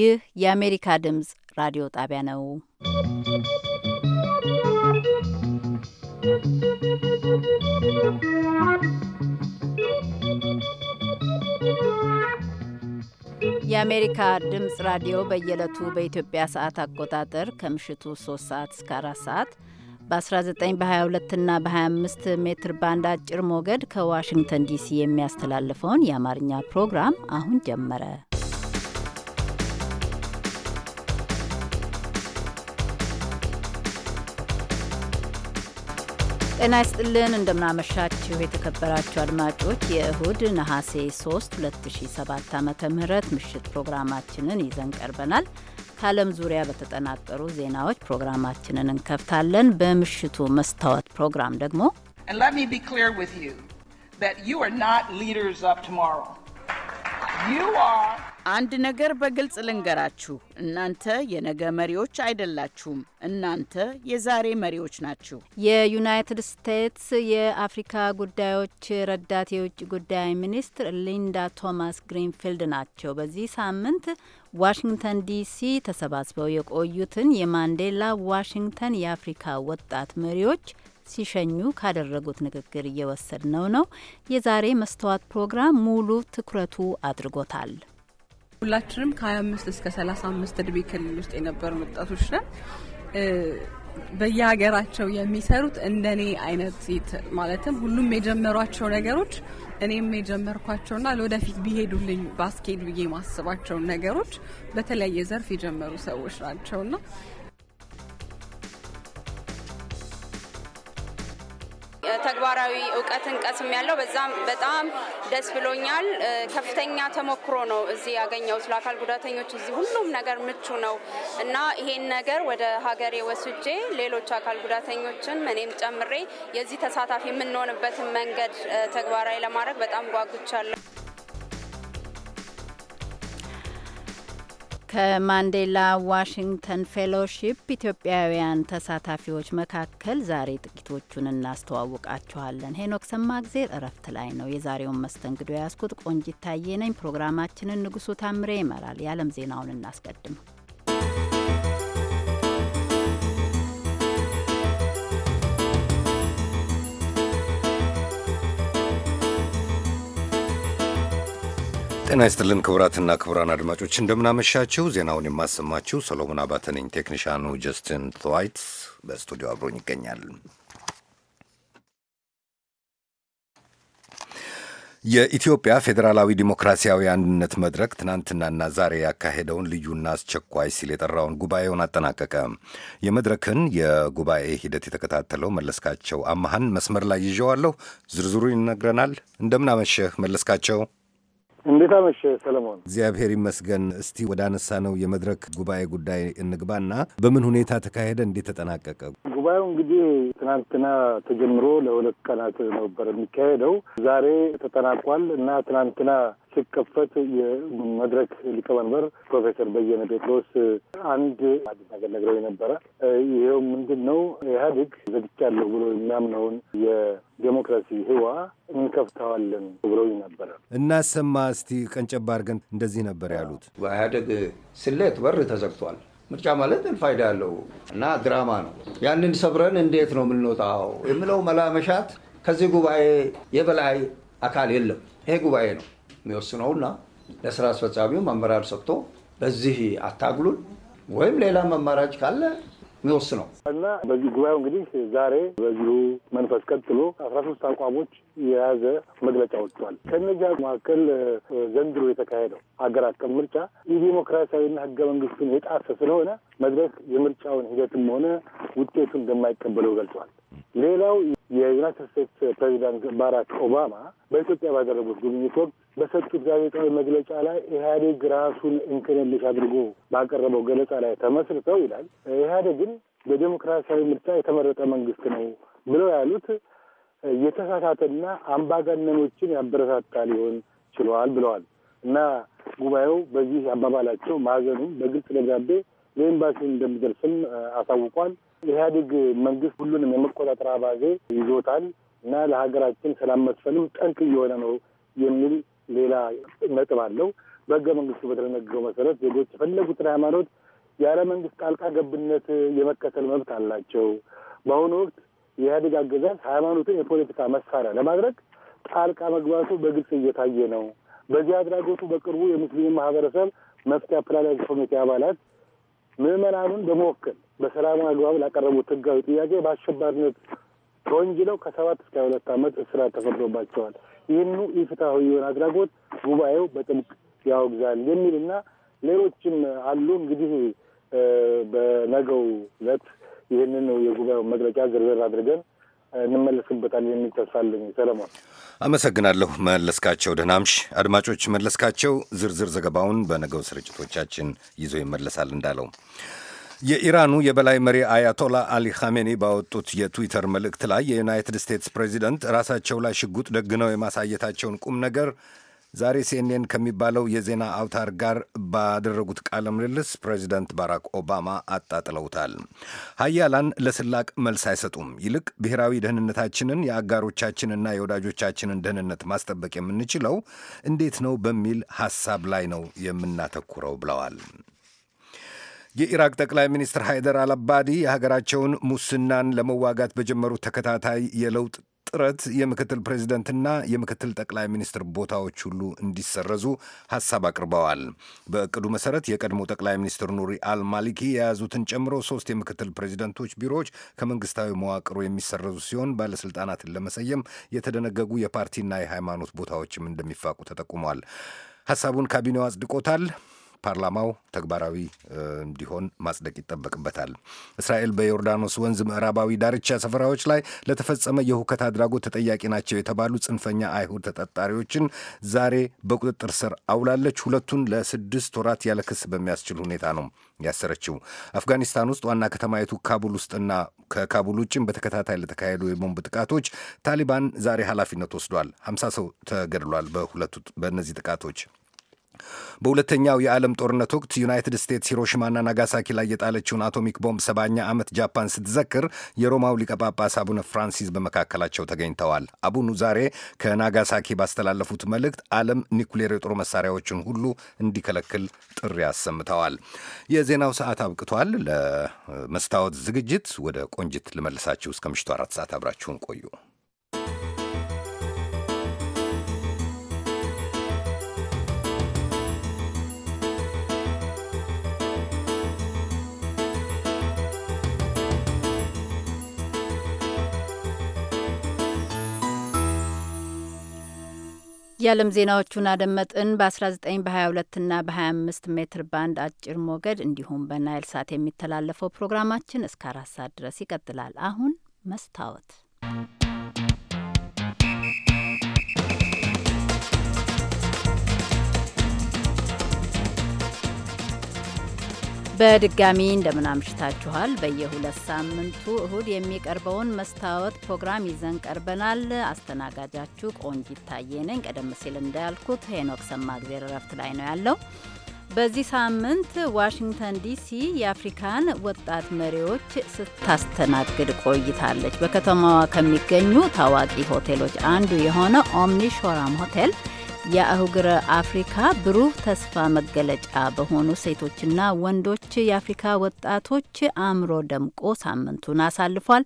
ይህ የአሜሪካ ድምፅ ራዲዮ ጣቢያ ነው። የአሜሪካ ድምፅ ራዲዮ በየዕለቱ በኢትዮጵያ ሰዓት አቆጣጠር ከምሽቱ 3 ሰዓት እስከ 4 ሰዓት በ19 በ22 እና በ25 ሜትር ባንድ አጭር ሞገድ ከዋሽንግተን ዲሲ የሚያስተላልፈውን የአማርኛ ፕሮግራም አሁን ጀመረ። ጤና ይስጥልን እንደምናመሻችሁ የተከበራችሁ አድማጮች የእሁድ ነሐሴ 3 2007 ዓ ም ምሽት ፕሮግራማችንን ይዘን ቀርበናል። ከዓለም ዙሪያ በተጠናቀሩ ዜናዎች ፕሮግራማችንን እንከፍታለን። በምሽቱ መስታወት ፕሮግራም ደግሞ You are አንድ ነገር በግልጽ ልንገራችሁ፣ እናንተ የነገ መሪዎች አይደላችሁም። እናንተ የዛሬ መሪዎች ናችሁ። የዩናይትድ ስቴትስ የአፍሪካ ጉዳዮች ረዳት የውጭ ጉዳይ ሚኒስትር ሊንዳ ቶማስ ግሪንፊልድ ናቸው። በዚህ ሳምንት ዋሽንግተን ዲሲ ተሰባስበው የቆዩትን የማንዴላ ዋሽንግተን የአፍሪካ ወጣት መሪዎች ሲሸኙ ካደረጉት ንግግር እየወሰድነው ነው። የዛሬ መስተዋት ፕሮግራም ሙሉ ትኩረቱ አድርጎታል። ሁላችንም ከ25 እስከ 35 እድሜ ክልል ውስጥ የነበርን ወጣቶች ነን። በየሀገራቸው የሚሰሩት እንደኔ አይነት ማለትም ሁሉም የጀመሯቸው ነገሮች እኔም የጀመርኳቸውና ለወደፊት ቢሄዱልኝ ባስኬድ ብዬ ማስባቸውን ነገሮች በተለያየ ዘርፍ የጀመሩ ሰዎች ናቸውና ተግባራዊ እውቀትን ቀስም ያለው በዛም በጣም ደስ ብሎኛል። ከፍተኛ ተሞክሮ ነው እዚህ ስለ አካል ጉዳተኞች እዚህ ሁሉም ነገር ምቹ ነው እና ይሄን ነገር ወደ ሀገሬ ወስጄ ሌሎች አካል ጉዳተኞችን እኔም ጨምሬ የዚህ ተሳታፊ የምንሆንበትን መንገድ ተግባራዊ ለማድረግ በጣም ጓጉቻለሁ። ከማንዴላ ዋሽንግተን ፌሎሺፕ ኢትዮጵያውያን ተሳታፊዎች መካከል ዛሬ ጥቂቶቹን እናስተዋውቃችኋለን። ሄኖክ ሰማእግዜር እረፍት ላይ ነው። የዛሬውን መስተንግዶ ያስኩት ቆንጂት ታዬ ነኝ። ፕሮግራማችንን ንጉሱ ታምሬ ይመራል። የዓለም ዜናውን እናስቀድም። ጤና ይስጥልን ክቡራትና ክቡራን አድማጮች እንደምናመሻችው ዜናውን የማሰማችው ሰሎሞን አባተ ነኝ። ቴክኒሻኑ ጀስትን ትዋይት በስቱዲዮ አብሮኝ ይገኛል። የኢትዮጵያ ፌዴራላዊ ዲሞክራሲያዊ አንድነት መድረክ ትናንትናና ዛሬ ያካሄደውን ልዩና አስቸኳይ ሲል የጠራውን ጉባኤውን አጠናቀቀ። የመድረክን የጉባኤ ሂደት የተከታተለው መለስካቸው አመሃን መስመር ላይ ይዤዋለሁ። ዝርዝሩ ይነግረናል። እንደምን መለስካቸው? እንዴት አመሸ ሰለሞን? እግዚአብሔር ይመስገን። እስቲ ወደ አነሳ ነው የመድረክ ጉባኤ ጉዳይ እንግባና በምን ሁኔታ ተካሄደ? እንዴት ተጠናቀቀ? ጉባኤው እንግዲህ ትናንትና ተጀምሮ ለሁለት ቀናት ነበር የሚካሄደው። ዛሬ ተጠናቋል እና ትናንትና ሲከፈት የመድረክ ሊቀመንበር ፕሮፌሰር በየነ ጴጥሮስ አንድ አዲስ ነገር ነግረው የነበረ ይሄው ምንድን ነው ኢህአዴግ ዘግቻለሁ ብሎ የሚያምነውን የዴሞክራሲ ህዋ እንከፍተዋለን ብለው ነበረ። እናሰማ እስቲ ቀንጨባ አድርገን እንደዚህ ነበር ያሉት። በኢህአዴግ ስሌት በር ተዘግቷል። ምርጫ ማለት ፋይዳ ያለው እና ድራማ ነው። ያንን ሰብረን እንዴት ነው የምንወጣው የምለው መላመሻት ከዚህ ጉባኤ የበላይ አካል የለም። ይሄ ጉባኤ ነው። የሚወስነውና ለስራ አስፈጻሚው አመራር ሰጥቶ በዚህ አታግሉን ወይም ሌላ መማራጅ ካለ የሚወስነው እና በዚህ ጉባኤው እንግዲህ ዛሬ በዚሁ መንፈስ ቀጥሎ አስራ ሶስት አቋሞች የያዘ መግለጫ ወጥቷል። ከነዚያ መካከል ዘንድሮ የተካሄደው ሀገር አቀፍ ምርጫ የዴሞክራሲያዊና ህገ መንግስቱን የጣሰ ስለሆነ መድረክ የምርጫውን ሂደትም ሆነ ውጤቱን እንደማይቀበለው ገልጿል። ሌላው የዩናይትድ ስቴትስ ፕሬዚዳንት ባራክ ኦባማ በኢትዮጵያ ባደረጉት ጉብኝት ወቅት በሰጡት ጋዜጣዊ መግለጫ ላይ ኢህአዴግ ራሱን እንክንልሽ አድርጎ ባቀረበው ገለጻ ላይ ተመስርተው ይላል ኢህአዴግን በዴሞክራሲያዊ ምርጫ የተመረጠ መንግስት ነው ብለው ያሉት የተሳሳተና አምባገነኖችን ያበረታታ ሊሆን ችሏል ብለዋል እና ጉባኤው በዚህ አባባላቸው ማዘኑም በግልጽ ደብዳቤ ለኤምባሲ እንደሚደርስም አሳውቋል። የኢህአዴግ መንግስት ሁሉንም የመቆጣጠር አባዜ ይዞታል እና ለሀገራችን ሰላም መስፈንም ጠንቅ እየሆነ ነው የሚል ሌላ ነጥብ አለው። በህገ መንግስቱ በተደነገገው መሰረት ዜጎች የፈለጉትን ሃይማኖት ያለ መንግስት ጣልቃ ገብነት የመከተል መብት አላቸው። በአሁኑ ወቅት የኢህአዴግ አገዛዝ ሃይማኖትን የፖለቲካ መሳሪያ ለማድረግ ጣልቃ መግባቱ በግልጽ እየታየ ነው። በዚህ አድራጎቱ በቅርቡ የሙስሊም ማህበረሰብ መፍትሄ አፈላላጊ ኮሚቴ አባላት ምዕመናኑን በመወከል በሰላማዊ አግባብ ላቀረቡት ህጋዊ ጥያቄ በአሸባሪነት ተወንጅለው ከሰባት እስከ ሁለት ዓመት እስራት ተፈርዶባቸዋል። ይህኑ ኢፍትሐዊ የሆነ አድራጎት ጉባኤው በጥብቅ ያወግዛል የሚልና ሌሎችም አሉ። እንግዲህ በነገው ዕለት ይህንን የጉባኤው መግለጫ ዝርዝር አድርገን እንመለስበታል የሚል ተስፋ አለኝ። ሰለሞን አመሰግናለሁ። መለስካቸው ደህናምሽ። አድማጮች፣ መለስካቸው ዝርዝር ዘገባውን በነገው ስርጭቶቻችን ይዞ ይመለሳል እንዳለው የኢራኑ የበላይ መሪ አያቶላ አሊ ኻሜኒ ባወጡት የትዊተር መልእክት ላይ የዩናይትድ ስቴትስ ፕሬዚደንት ራሳቸው ላይ ሽጉጥ ደግነው የማሳየታቸውን ቁም ነገር ዛሬ ሲኤንኤን ከሚባለው የዜና አውታር ጋር ባደረጉት ቃለ ምልልስ ፕሬዚደንት ባራክ ኦባማ አጣጥለውታል። ሀያላን ለስላቅ መልስ አይሰጡም። ይልቅ ብሔራዊ ደህንነታችንን፣ የአጋሮቻችንና የወዳጆቻችንን ደህንነት ማስጠበቅ የምንችለው እንዴት ነው በሚል ሐሳብ ላይ ነው የምናተኩረው ብለዋል። የኢራቅ ጠቅላይ ሚኒስትር ሃይደር አልአባዲ የሀገራቸውን ሙስናን ለመዋጋት በጀመሩት ተከታታይ የለውጥ ጥረት የምክትል ፕሬዚደንትና የምክትል ጠቅላይ ሚኒስትር ቦታዎች ሁሉ እንዲሰረዙ ሀሳብ አቅርበዋል። በእቅዱ መሰረት የቀድሞ ጠቅላይ ሚኒስትር ኑሪ አል ማሊኪ የያዙትን ጨምሮ ሶስት የምክትል ፕሬዚደንቶች ቢሮዎች ከመንግስታዊ መዋቅሩ የሚሰረዙ ሲሆን ባለስልጣናትን ለመሰየም የተደነገጉ የፓርቲና የሃይማኖት ቦታዎችም እንደሚፋቁ ተጠቁሟል። ሀሳቡን ካቢኔው አጽድቆታል። ፓርላማው ተግባራዊ እንዲሆን ማጽደቅ ይጠበቅበታል። እስራኤል በዮርዳኖስ ወንዝ ምዕራባዊ ዳርቻ ሰፈራዎች ላይ ለተፈጸመ የሁከት አድራጎት ተጠያቂ ናቸው የተባሉ ጽንፈኛ አይሁድ ተጠርጣሪዎችን ዛሬ በቁጥጥር ስር አውላለች። ሁለቱን ለስድስት ወራት ያለ ክስ በሚያስችል ሁኔታ ነው ያሰረችው። አፍጋኒስታን ውስጥ ዋና ከተማይቱ ካቡል ውስጥና ከካቡል ውጭም በተከታታይ ለተካሄዱ የቦምብ ጥቃቶች ታሊባን ዛሬ ኃላፊነት ወስዷል። ሀምሳ ሰው ተገድሏል በሁለቱ በእነዚህ ጥቃቶች በሁለተኛው የዓለም ጦርነት ወቅት ዩናይትድ ስቴትስ ሂሮሽማና ናጋሳኪ ላይ የጣለችውን አቶሚክ ቦምብ ሰባኛ ዓመት ጃፓን ስትዘክር የሮማው ሊቀ ጳጳስ አቡነ ፍራንሲስ በመካከላቸው ተገኝተዋል። አቡኑ ዛሬ ከናጋሳኪ ባስተላለፉት መልእክት ዓለም ኒኩሌር የጦር መሳሪያዎችን ሁሉ እንዲከለክል ጥሪ አሰምተዋል። የዜናው ሰዓት አብቅቷል። ለመስታወት ዝግጅት ወደ ቆንጅት ልመልሳችሁ። እስከ ምሽቱ አራት ሰዓት አብራችሁን ቆዩ። የዓለም ዜናዎቹን አደመጥን። በ19 በ22 እና በ25 ሜትር ባንድ አጭር ሞገድ እንዲሁም በናይል ሳት የሚተላለፈው ፕሮግራማችን እስከ አራት ሰዓት ድረስ ይቀጥላል። አሁን መስታወት በድጋሚ እንደምናምሽታችኋል። በየሁለት ሳምንቱ እሁድ የሚቀርበውን መስታወት ፕሮግራም ይዘን ቀርበናል። አስተናጋጃችሁ ቆንጂት ታዬ ነኝ። ቀደም ሲል እንዳልኩት ሄኖክ ሰማእግዜር እረፍት ላይ ነው ያለው። በዚህ ሳምንት ዋሽንግተን ዲሲ የአፍሪካን ወጣት መሪዎች ስታስተናግድ ቆይታለች። በከተማዋ ከሚገኙ ታዋቂ ሆቴሎች አንዱ የሆነ ኦምኒ ሾራም ሆቴል የአህጉረ አፍሪካ ብሩህ ተስፋ መገለጫ በሆኑ ሴቶችና ወንዶች የአፍሪካ ወጣቶች አእምሮ ደምቆ ሳምንቱን አሳልፏል።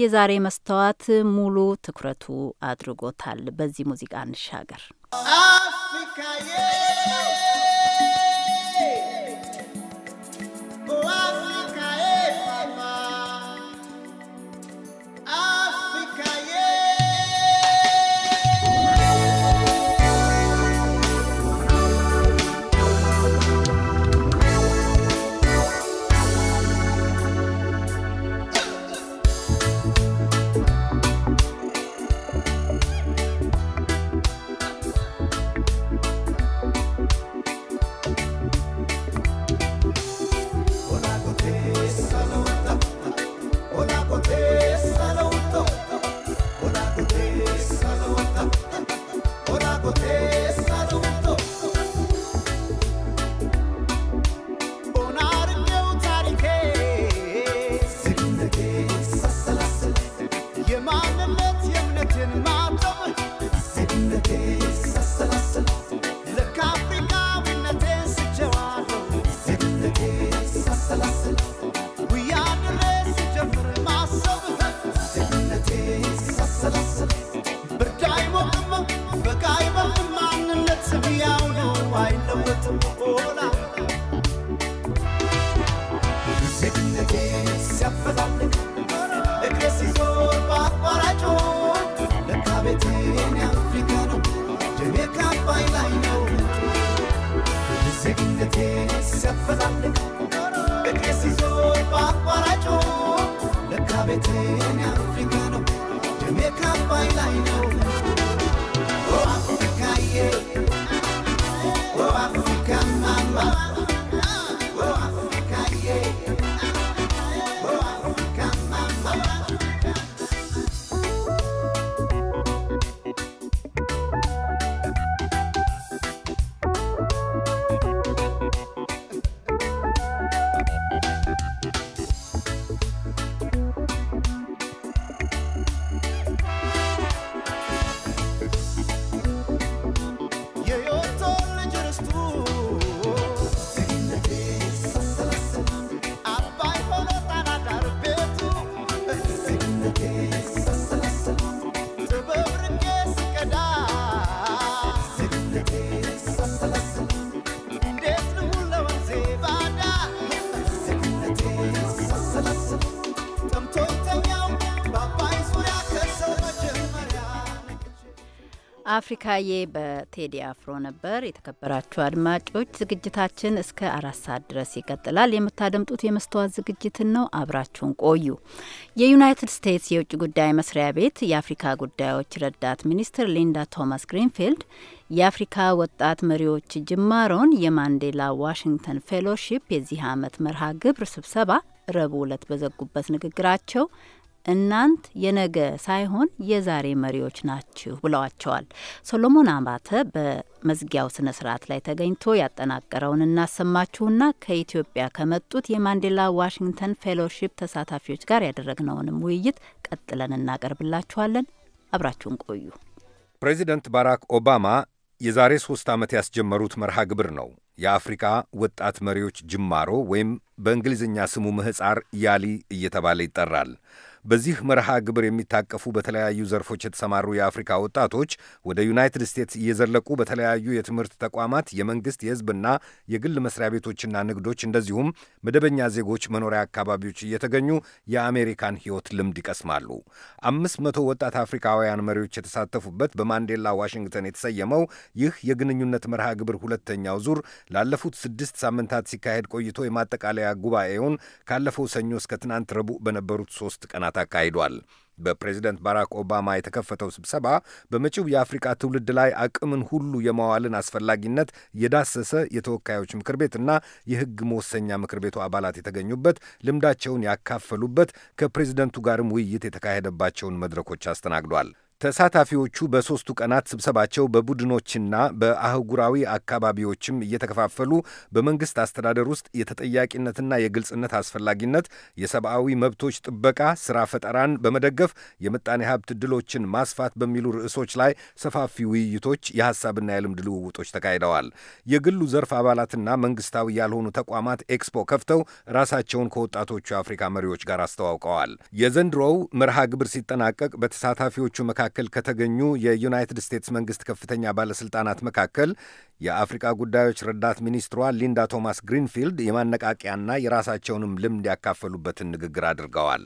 የዛሬ መስተዋት ሙሉ ትኩረቱ አድርጎታል። በዚህ ሙዚቃ እንሻገር። አፍሪካ አፍሪካዬ በቴዲ አፍሮ ነበር። የተከበራችሁ አድማጮች ዝግጅታችን እስከ አራት ሰዓት ድረስ ይቀጥላል። የምታደምጡት የመስተዋት ዝግጅትን ነው። አብራችሁን ቆዩ። የዩናይትድ ስቴትስ የውጭ ጉዳይ መስሪያ ቤት የአፍሪካ ጉዳዮች ረዳት ሚኒስትር ሊንዳ ቶማስ ግሪንፊልድ የአፍሪካ ወጣት መሪዎች ጅማሮን የማንዴላ ዋሽንግተን ፌሎሺፕ የዚህ ዓመት መርሃ ግብር ስብሰባ ረቡዕ ዕለት በዘጉበት ንግግራቸው እናንት የነገ ሳይሆን የዛሬ መሪዎች ናችሁ ብለዋቸዋል። ሶሎሞን አባተ በመዝጊያው ስነ ስርዓት ላይ ተገኝቶ ያጠናቀረውን እናሰማችሁና ከኢትዮጵያ ከመጡት የማንዴላ ዋሽንግተን ፌሎሺፕ ተሳታፊዎች ጋር ያደረግነውንም ውይይት ቀጥለን እናቀርብላችኋለን። አብራችሁን ቆዩ። ፕሬዚደንት ባራክ ኦባማ የዛሬ ሦስት ዓመት ያስጀመሩት መርሃ ግብር ነው የአፍሪካ ወጣት መሪዎች ጅማሮ ወይም በእንግሊዝኛ ስሙ ምህፃር ያሊ እየተባለ ይጠራል። በዚህ መርሃ ግብር የሚታቀፉ በተለያዩ ዘርፎች የተሰማሩ የአፍሪካ ወጣቶች ወደ ዩናይትድ ስቴትስ እየዘለቁ በተለያዩ የትምህርት ተቋማት፣ የመንግሥት የሕዝብና የግል መስሪያ ቤቶችና ንግዶች እንደዚሁም መደበኛ ዜጎች መኖሪያ አካባቢዎች እየተገኙ የአሜሪካን ሕይወት ልምድ ይቀስማሉ። አምስት መቶ ወጣት አፍሪካውያን መሪዎች የተሳተፉበት በማንዴላ ዋሽንግተን የተሰየመው ይህ የግንኙነት መርሃ ግብር ሁለተኛው ዙር ላለፉት ስድስት ሳምንታት ሲካሄድ ቆይቶ የማጠቃለያ ጉባኤውን ካለፈው ሰኞ እስከ ትናንት ረቡዕ በነበሩት ሶስት ቀናት ስነስርዓት አካሂዷል። በፕሬዚደንት ባራክ ኦባማ የተከፈተው ስብሰባ በመጪው የአፍሪቃ ትውልድ ላይ አቅምን ሁሉ የማዋልን አስፈላጊነት የዳሰሰ የተወካዮች ምክር ቤትና የሕግ መወሰኛ ምክር ቤቱ አባላት የተገኙበት፣ ልምዳቸውን ያካፈሉበት፣ ከፕሬዚደንቱ ጋርም ውይይት የተካሄደባቸውን መድረኮች አስተናግዷል። ተሳታፊዎቹ በሦስቱ ቀናት ስብሰባቸው በቡድኖችና በአህጉራዊ አካባቢዎችም እየተከፋፈሉ በመንግሥት አስተዳደር ውስጥ የተጠያቂነትና የግልጽነት አስፈላጊነት፣ የሰብአዊ መብቶች ጥበቃ፣ ሥራ ፈጠራን በመደገፍ የምጣኔ ሀብት ድሎችን ማስፋት በሚሉ ርዕሶች ላይ ሰፋፊ ውይይቶች፣ የሐሳብና የልምድ ልውውጦች ተካሂደዋል። የግሉ ዘርፍ አባላትና መንግሥታዊ ያልሆኑ ተቋማት ኤክስፖ ከፍተው ራሳቸውን ከወጣቶቹ የአፍሪካ መሪዎች ጋር አስተዋውቀዋል። የዘንድሮው መርሃ ግብር ሲጠናቀቅ በተሳታፊዎቹ መካከል መካከል ከተገኙ የዩናይትድ ስቴትስ መንግስት ከፍተኛ ባለሥልጣናት መካከል የአፍሪቃ ጉዳዮች ረዳት ሚኒስትሯ ሊንዳ ቶማስ ግሪንፊልድ የማነቃቂያና የራሳቸውንም ልምድ ያካፈሉበትን ንግግር አድርገዋል።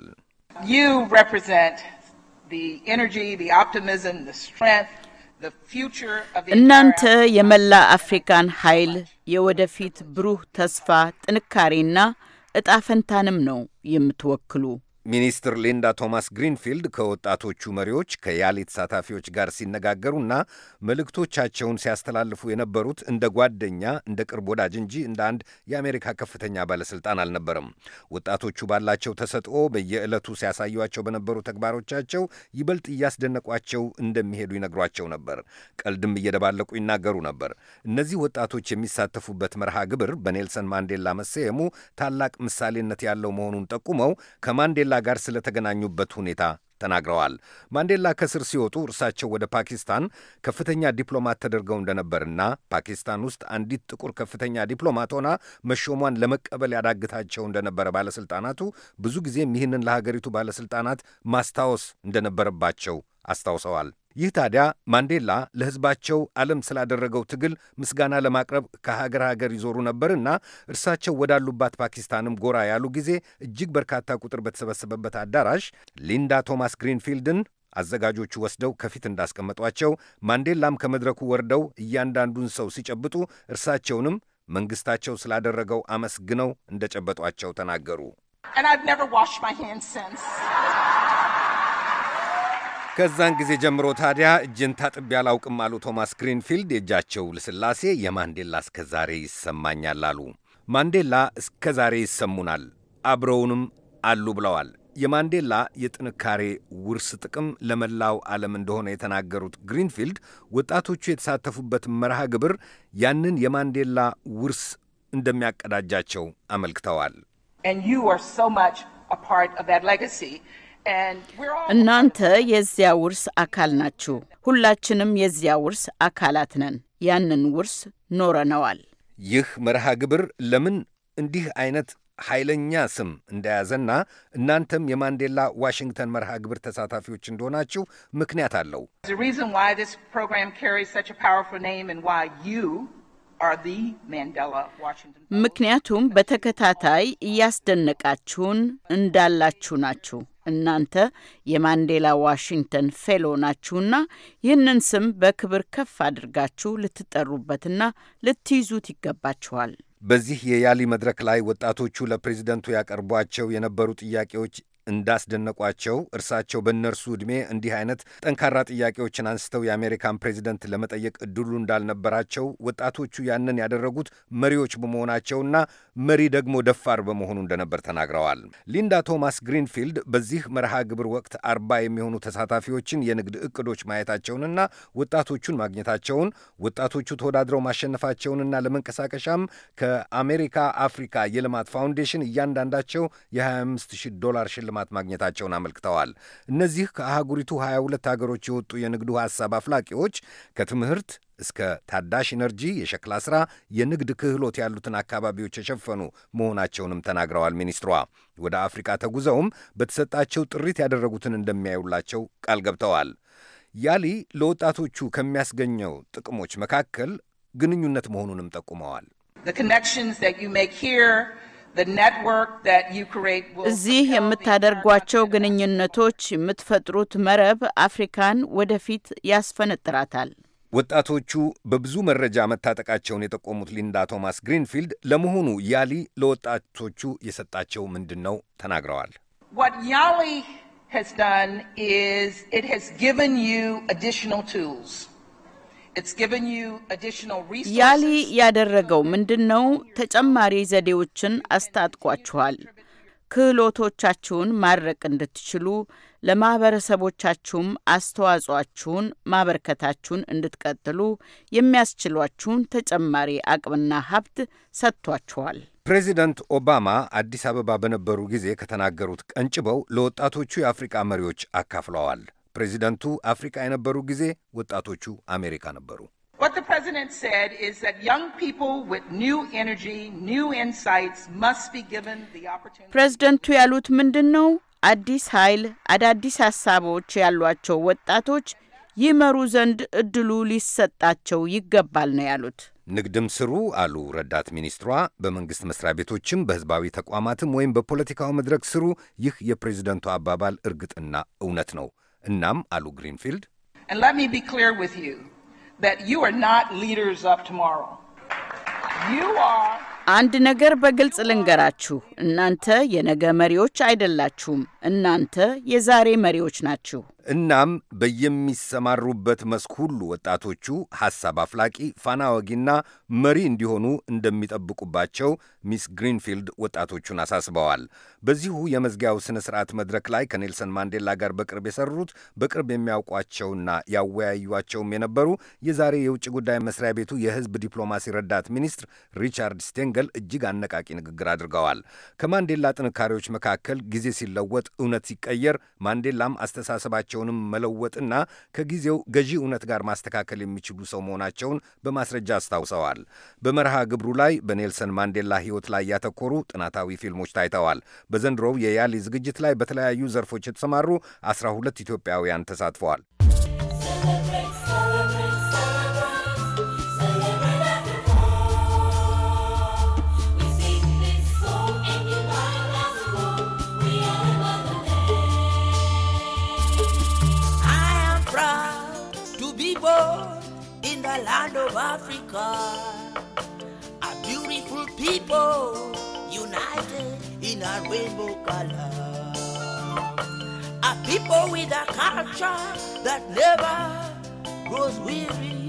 እናንተ የመላ አፍሪካን ኃይል፣ የወደፊት ብሩህ ተስፋ፣ ጥንካሬና እጣ ፈንታንም ነው የምትወክሉ። ሚኒስትር ሊንዳ ቶማስ ግሪንፊልድ ከወጣቶቹ መሪዎች ከያሌ ተሳታፊዎች ጋር ሲነጋገሩና መልእክቶቻቸውን ሲያስተላልፉ የነበሩት እንደ ጓደኛ፣ እንደ ቅርብ ወዳጅ እንጂ እንደ አንድ የአሜሪካ ከፍተኛ ባለስልጣን አልነበረም። ወጣቶቹ ባላቸው ተሰጥኦ በየዕለቱ ሲያሳዩቸው በነበሩ ተግባሮቻቸው ይበልጥ እያስደነቋቸው እንደሚሄዱ ይነግሯቸው ነበር። ቀልድም እየደባለቁ ይናገሩ ነበር። እነዚህ ወጣቶች የሚሳተፉበት መርሃ ግብር በኔልሰን ማንዴላ መሰየሙ ታላቅ ምሳሌነት ያለው መሆኑን ጠቁመው ከማንዴላ ማንዴላ ጋር ስለተገናኙበት ሁኔታ ተናግረዋል። ማንዴላ ከስር ሲወጡ እርሳቸው ወደ ፓኪስታን ከፍተኛ ዲፕሎማት ተደርገው እንደነበርና ፓኪስታን ውስጥ አንዲት ጥቁር ከፍተኛ ዲፕሎማት ሆና መሾሟን ለመቀበል ያዳግታቸው እንደነበረ ባለሥልጣናቱ ብዙ ጊዜም ይህንን ለሀገሪቱ ባለሥልጣናት ማስታወስ እንደነበረባቸው አስታውሰዋል። ይህ ታዲያ ማንዴላ ለሕዝባቸው ዓለም ስላደረገው ትግል ምስጋና ለማቅረብ ከሀገር ሀገር ይዞሩ ነበርና እርሳቸው ወዳሉባት ፓኪስታንም ጎራ ያሉ ጊዜ እጅግ በርካታ ቁጥር በተሰበሰበበት አዳራሽ ሊንዳ ቶማስ ግሪንፊልድን አዘጋጆቹ ወስደው ከፊት እንዳስቀመጧቸው ማንዴላም ከመድረኩ ወርደው እያንዳንዱን ሰው ሲጨብጡ እርሳቸውንም መንግሥታቸው ስላደረገው አመስግነው እንደጨበጧቸው ተናገሩ። And I've never washed my hands since. ከዛን ጊዜ ጀምሮ ታዲያ እጅን ታጥቤ አላውቅም አሉ ቶማስ ግሪንፊልድ። የእጃቸው ልስላሴ የማንዴላ እስከ ዛሬ ይሰማኛል አሉ። ማንዴላ እስከ ዛሬ ይሰሙናል፣ አብረውንም አሉ ብለዋል። የማንዴላ የጥንካሬ ውርስ ጥቅም ለመላው ዓለም እንደሆነ የተናገሩት ግሪንፊልድ ወጣቶቹ የተሳተፉበት መርሃ ግብር ያንን የማንዴላ ውርስ እንደሚያቀዳጃቸው አመልክተዋል። እናንተ የዚያ ውርስ አካል ናችሁ። ሁላችንም የዚያ ውርስ አካላት ነን። ያንን ውርስ ኖረነዋል። ይህ መርሃ ግብር ለምን እንዲህ አይነት ኃይለኛ ስም እንደያዘና እናንተም የማንዴላ ዋሽንግተን መርሃ ግብር ተሳታፊዎች እንደሆናችሁ ምክንያት አለው። ምክንያቱም በተከታታይ እያስደነቃችሁን እንዳላችሁ ናችሁ። እናንተ የማንዴላ ዋሽንግተን ፌሎ ናችሁና ይህንን ስም በክብር ከፍ አድርጋችሁ ልትጠሩበትና ልትይዙት ይገባችኋል። በዚህ የያሊ መድረክ ላይ ወጣቶቹ ለፕሬዚደንቱ ያቀርቧቸው የነበሩ ጥያቄዎች እንዳስደነቋቸው እርሳቸው በእነርሱ ዕድሜ እንዲህ አይነት ጠንካራ ጥያቄዎችን አንስተው የአሜሪካን ፕሬዚደንት ለመጠየቅ እድሉ እንዳልነበራቸው ወጣቶቹ ያንን ያደረጉት መሪዎች በመሆናቸውና መሪ ደግሞ ደፋር በመሆኑ እንደነበር ተናግረዋል። ሊንዳ ቶማስ ግሪንፊልድ በዚህ መርሃ ግብር ወቅት አርባ የሚሆኑ ተሳታፊዎችን የንግድ እቅዶች ማየታቸውንና ወጣቶቹን ማግኘታቸውን ወጣቶቹ ተወዳድረው ማሸነፋቸውንና ለመንቀሳቀሻም ከአሜሪካ አፍሪካ የልማት ፋውንዴሽን እያንዳንዳቸው የ25 ዶላር ሽልማት ሽልማት ማግኘታቸውን አመልክተዋል። እነዚህ ከአህጉሪቱ 22 ሀገሮች የወጡ የንግዱ ሐሳብ አፍላቂዎች ከትምህርት እስከ ታዳሽ ኢነርጂ፣ የሸክላ ሥራ፣ የንግድ ክህሎት ያሉትን አካባቢዎች የሸፈኑ መሆናቸውንም ተናግረዋል። ሚኒስትሯ ወደ አፍሪቃ ተጉዘውም በተሰጣቸው ጥሪት ያደረጉትን እንደሚያዩላቸው ቃል ገብተዋል። ያሊ ለወጣቶቹ ከሚያስገኘው ጥቅሞች መካከል ግንኙነት መሆኑንም ጠቁመዋል። The connections that you make here እዚህ የምታደርጓቸው ግንኙነቶች፣ የምትፈጥሩት መረብ አፍሪካን ወደፊት ያስፈነጥራታል። ወጣቶቹ በብዙ መረጃ መታጠቃቸውን የጠቆሙት ሊንዳ ቶማስ ግሪንፊልድ ለመሆኑ ያሊ ለወጣቶቹ የሰጣቸው ምንድን ነው ተናግረዋል። ያሊ ያሊ ያደረገው ምንድን ነው? ተጨማሪ ዘዴዎችን አስታጥቋችኋል። ክህሎቶቻችሁን ማድረቅ እንድትችሉ ለማህበረሰቦቻችሁም አስተዋጽኦአችሁን ማበርከታችሁን እንድትቀጥሉ የሚያስችሏችሁን ተጨማሪ አቅምና ሀብት ሰጥቷችኋል። ፕሬዚደንት ኦባማ አዲስ አበባ በነበሩ ጊዜ ከተናገሩት ቀንጭበው ለወጣቶቹ የአፍሪቃ መሪዎች አካፍለዋል። ፕሬዚደንቱ አፍሪካ የነበሩ ጊዜ ወጣቶቹ አሜሪካ ነበሩ። ፕሬዚደንቱ ያሉት ምንድን ነው? አዲስ ኃይል፣ አዳዲስ ሀሳቦች ያሏቸው ወጣቶች ይመሩ ዘንድ እድሉ ሊሰጣቸው ይገባል ነው ያሉት። ንግድም ስሩ አሉ ረዳት ሚኒስትሯ። በመንግሥት መስሪያ ቤቶችም በሕዝባዊ ተቋማትም ወይም በፖለቲካው መድረክ ስሩ። ይህ የፕሬዚደንቱ አባባል እርግጥና እውነት ነው። እናም አሉ ግሪንፊልድ አንድ ነገር በግልጽ ልንገራችሁ፣ እናንተ የነገ መሪዎች አይደላችሁም። እናንተ የዛሬ መሪዎች ናችሁ። እናም በየሚሰማሩበት መስክ ሁሉ ወጣቶቹ ሐሳብ አፍላቂ፣ ፋና ወጊና መሪ እንዲሆኑ እንደሚጠብቁባቸው ሚስ ግሪንፊልድ ወጣቶቹን አሳስበዋል። በዚሁ የመዝጊያው ሥነ ሥርዓት መድረክ ላይ ከኔልሰን ማንዴላ ጋር በቅርብ የሰሩት በቅርብ የሚያውቋቸውና ያወያዩቸውም የነበሩ የዛሬ የውጭ ጉዳይ መስሪያ ቤቱ የሕዝብ ዲፕሎማሲ ረዳት ሚኒስትር ሪቻርድ ስቴንገል እጅግ አነቃቂ ንግግር አድርገዋል። ከማንዴላ ጥንካሬዎች መካከል ጊዜ ሲለወጥ እውነት ሲቀየር ማንዴላም አስተሳሰባቸው አቋማቸውንም መለወጥና ከጊዜው ገዢ እውነት ጋር ማስተካከል የሚችሉ ሰው መሆናቸውን በማስረጃ አስታውሰዋል። በመርሃ ግብሩ ላይ በኔልሰን ማንዴላ ሕይወት ላይ ያተኮሩ ጥናታዊ ፊልሞች ታይተዋል። በዘንድሮው የያሌ ዝግጅት ላይ በተለያዩ ዘርፎች የተሰማሩ 12 ኢትዮጵያውያን ተሳትፈዋል። land of Africa. A beautiful people united in a rainbow color. A people with a culture that never grows weary.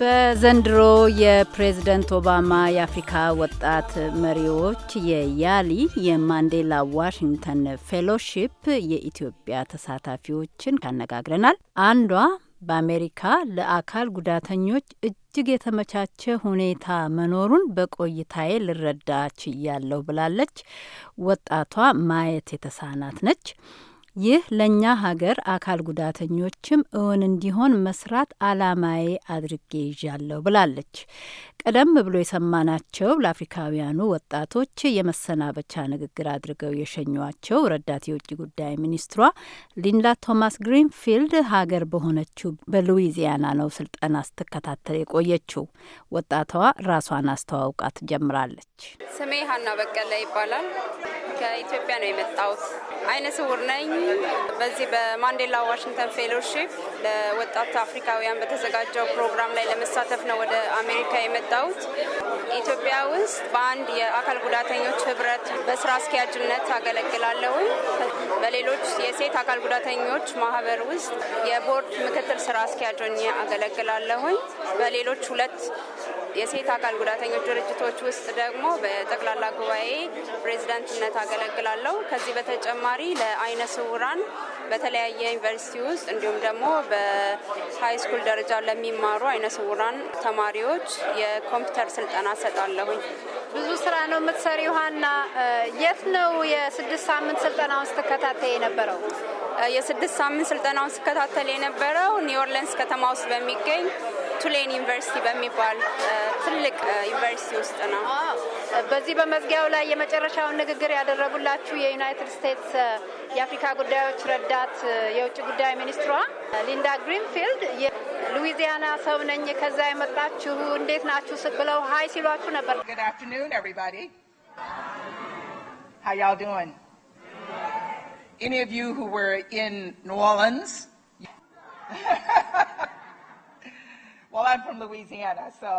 በዘንድሮ የፕሬዝደንት ኦባማ የአፍሪካ ወጣት መሪዎች የያሊ የማንዴላ ዋሽንግተን ፌሎሺፕ የኢትዮጵያ ተሳታፊዎችን ካነጋግረናል። አንዷ በአሜሪካ ለአካል ጉዳተኞች እጅግ የተመቻቸ ሁኔታ መኖሩን በቆይታዬ ልረዳ ችያለሁ ብላለች። ወጣቷ ማየት የተሳናት ነች። ይህ ለእኛ ሀገር አካል ጉዳተኞችም እውን እንዲሆን መስራት አላማዬ አድርጌ ይዣለሁ ብላለች። ቀደም ብሎ የሰማናቸው ለአፍሪካውያኑ ወጣቶች የመሰናበቻ ንግግር አድርገው የሸኟቸው ረዳት የውጭ ጉዳይ ሚኒስትሯ ሊንዳ ቶማስ ግሪንፊልድ ሀገር በሆነችው በሉዊዚያና ነው ስልጠና ስትከታተል የቆየችው። ወጣቷ ራሷን አስተዋውቃት ጀምራለች። ስሜ ሀና በቀለ ይባላል። ከኢትዮጵያ ነው የመጣሁት። አይነ ስውር ነኝ። በዚህ በማንዴላ ዋሽንግተን ፌሎሺፕ ለወጣት አፍሪካውያን በተዘጋጀው ፕሮግራም ላይ ለመሳተፍ ነው ወደ አሜሪካ የመጣሁት። ኢትዮጵያ ውስጥ በአንድ የአካል ጉዳተኞች ህብረት በስራ አስኪያጅነት አገለግላለሁኝ። በሌሎች የሴት አካል ጉዳተኞች ማህበር ውስጥ የቦርድ ምክትል ስራ አስኪያጅ ሆኜ አገለግላለሁኝ። በሌሎች ሁለት የሴት አካል ጉዳተኞች ድርጅቶች ውስጥ ደግሞ በጠቅላላ ጉባኤ ፕሬዚዳንትነት አገለግላለሁ። ከዚህ በተጨማሪ ለአይነ ስውር ምሁራን በተለያየ ዩኒቨርሲቲ ውስጥ እንዲሁም ደግሞ በሃይስኩል ስኩል ደረጃ ለሚማሩ አይነ ስውራን ተማሪዎች የኮምፒውተር ስልጠና ሰጣለሁኝ። ብዙ ስራ ነው የምትሰሪ ውሃና የት ነው የስድስት ሳምንት ስልጠናውን ስትከታተል የነበረው? የስድስት ሳምንት ስልጠናውን ስከታተል የነበረው ኒው ኦርሊንስ ከተማ ውስጥ በሚገኝ ቱሌን ዩኒቨርሲቲ በሚባል ትልቅ ዩኒቨርሲቲ ውስጥ ነው። በዚህ በመዝጊያው ላይ የመጨረሻውን ንግግር ያደረጉላችሁ የዩናይትድ ስቴትስ የአፍሪካ ጉዳዮች ረዳት የውጭ ጉዳይ ሚኒስትሯ ሊንዳ ግሪንፊልድ ሉዊዚያና ሰው ነኝ ከዛ የመጣችሁ እንዴት ናችሁ ብለው ሀይ ሲሏችሁ ነበር። How y'all doing? Any of you who were in New Orleans? well, I'm from Louisiana, so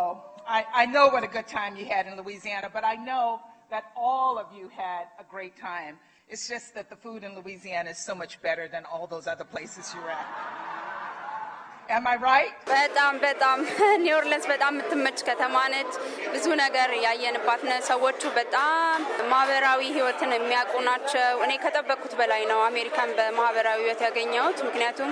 I, I know what a good time you had in Louisiana, but I know that all of you had a great time. It's just that the food in Louisiana is so much better than all those other places you're at. በጣም በጣም ኒው በጣም የምትመች ከተማ ነች። ብዙ ነገር ያየንባት ነ ሰዎቹ በጣም ማህበራዊ ህይወትን የሚያውቁ ናቸው። እኔ ከጠበቅኩት በላይ ነው አሜሪካን በማህበራዊ ህይወት ያገኘሁት። ምክንያቱም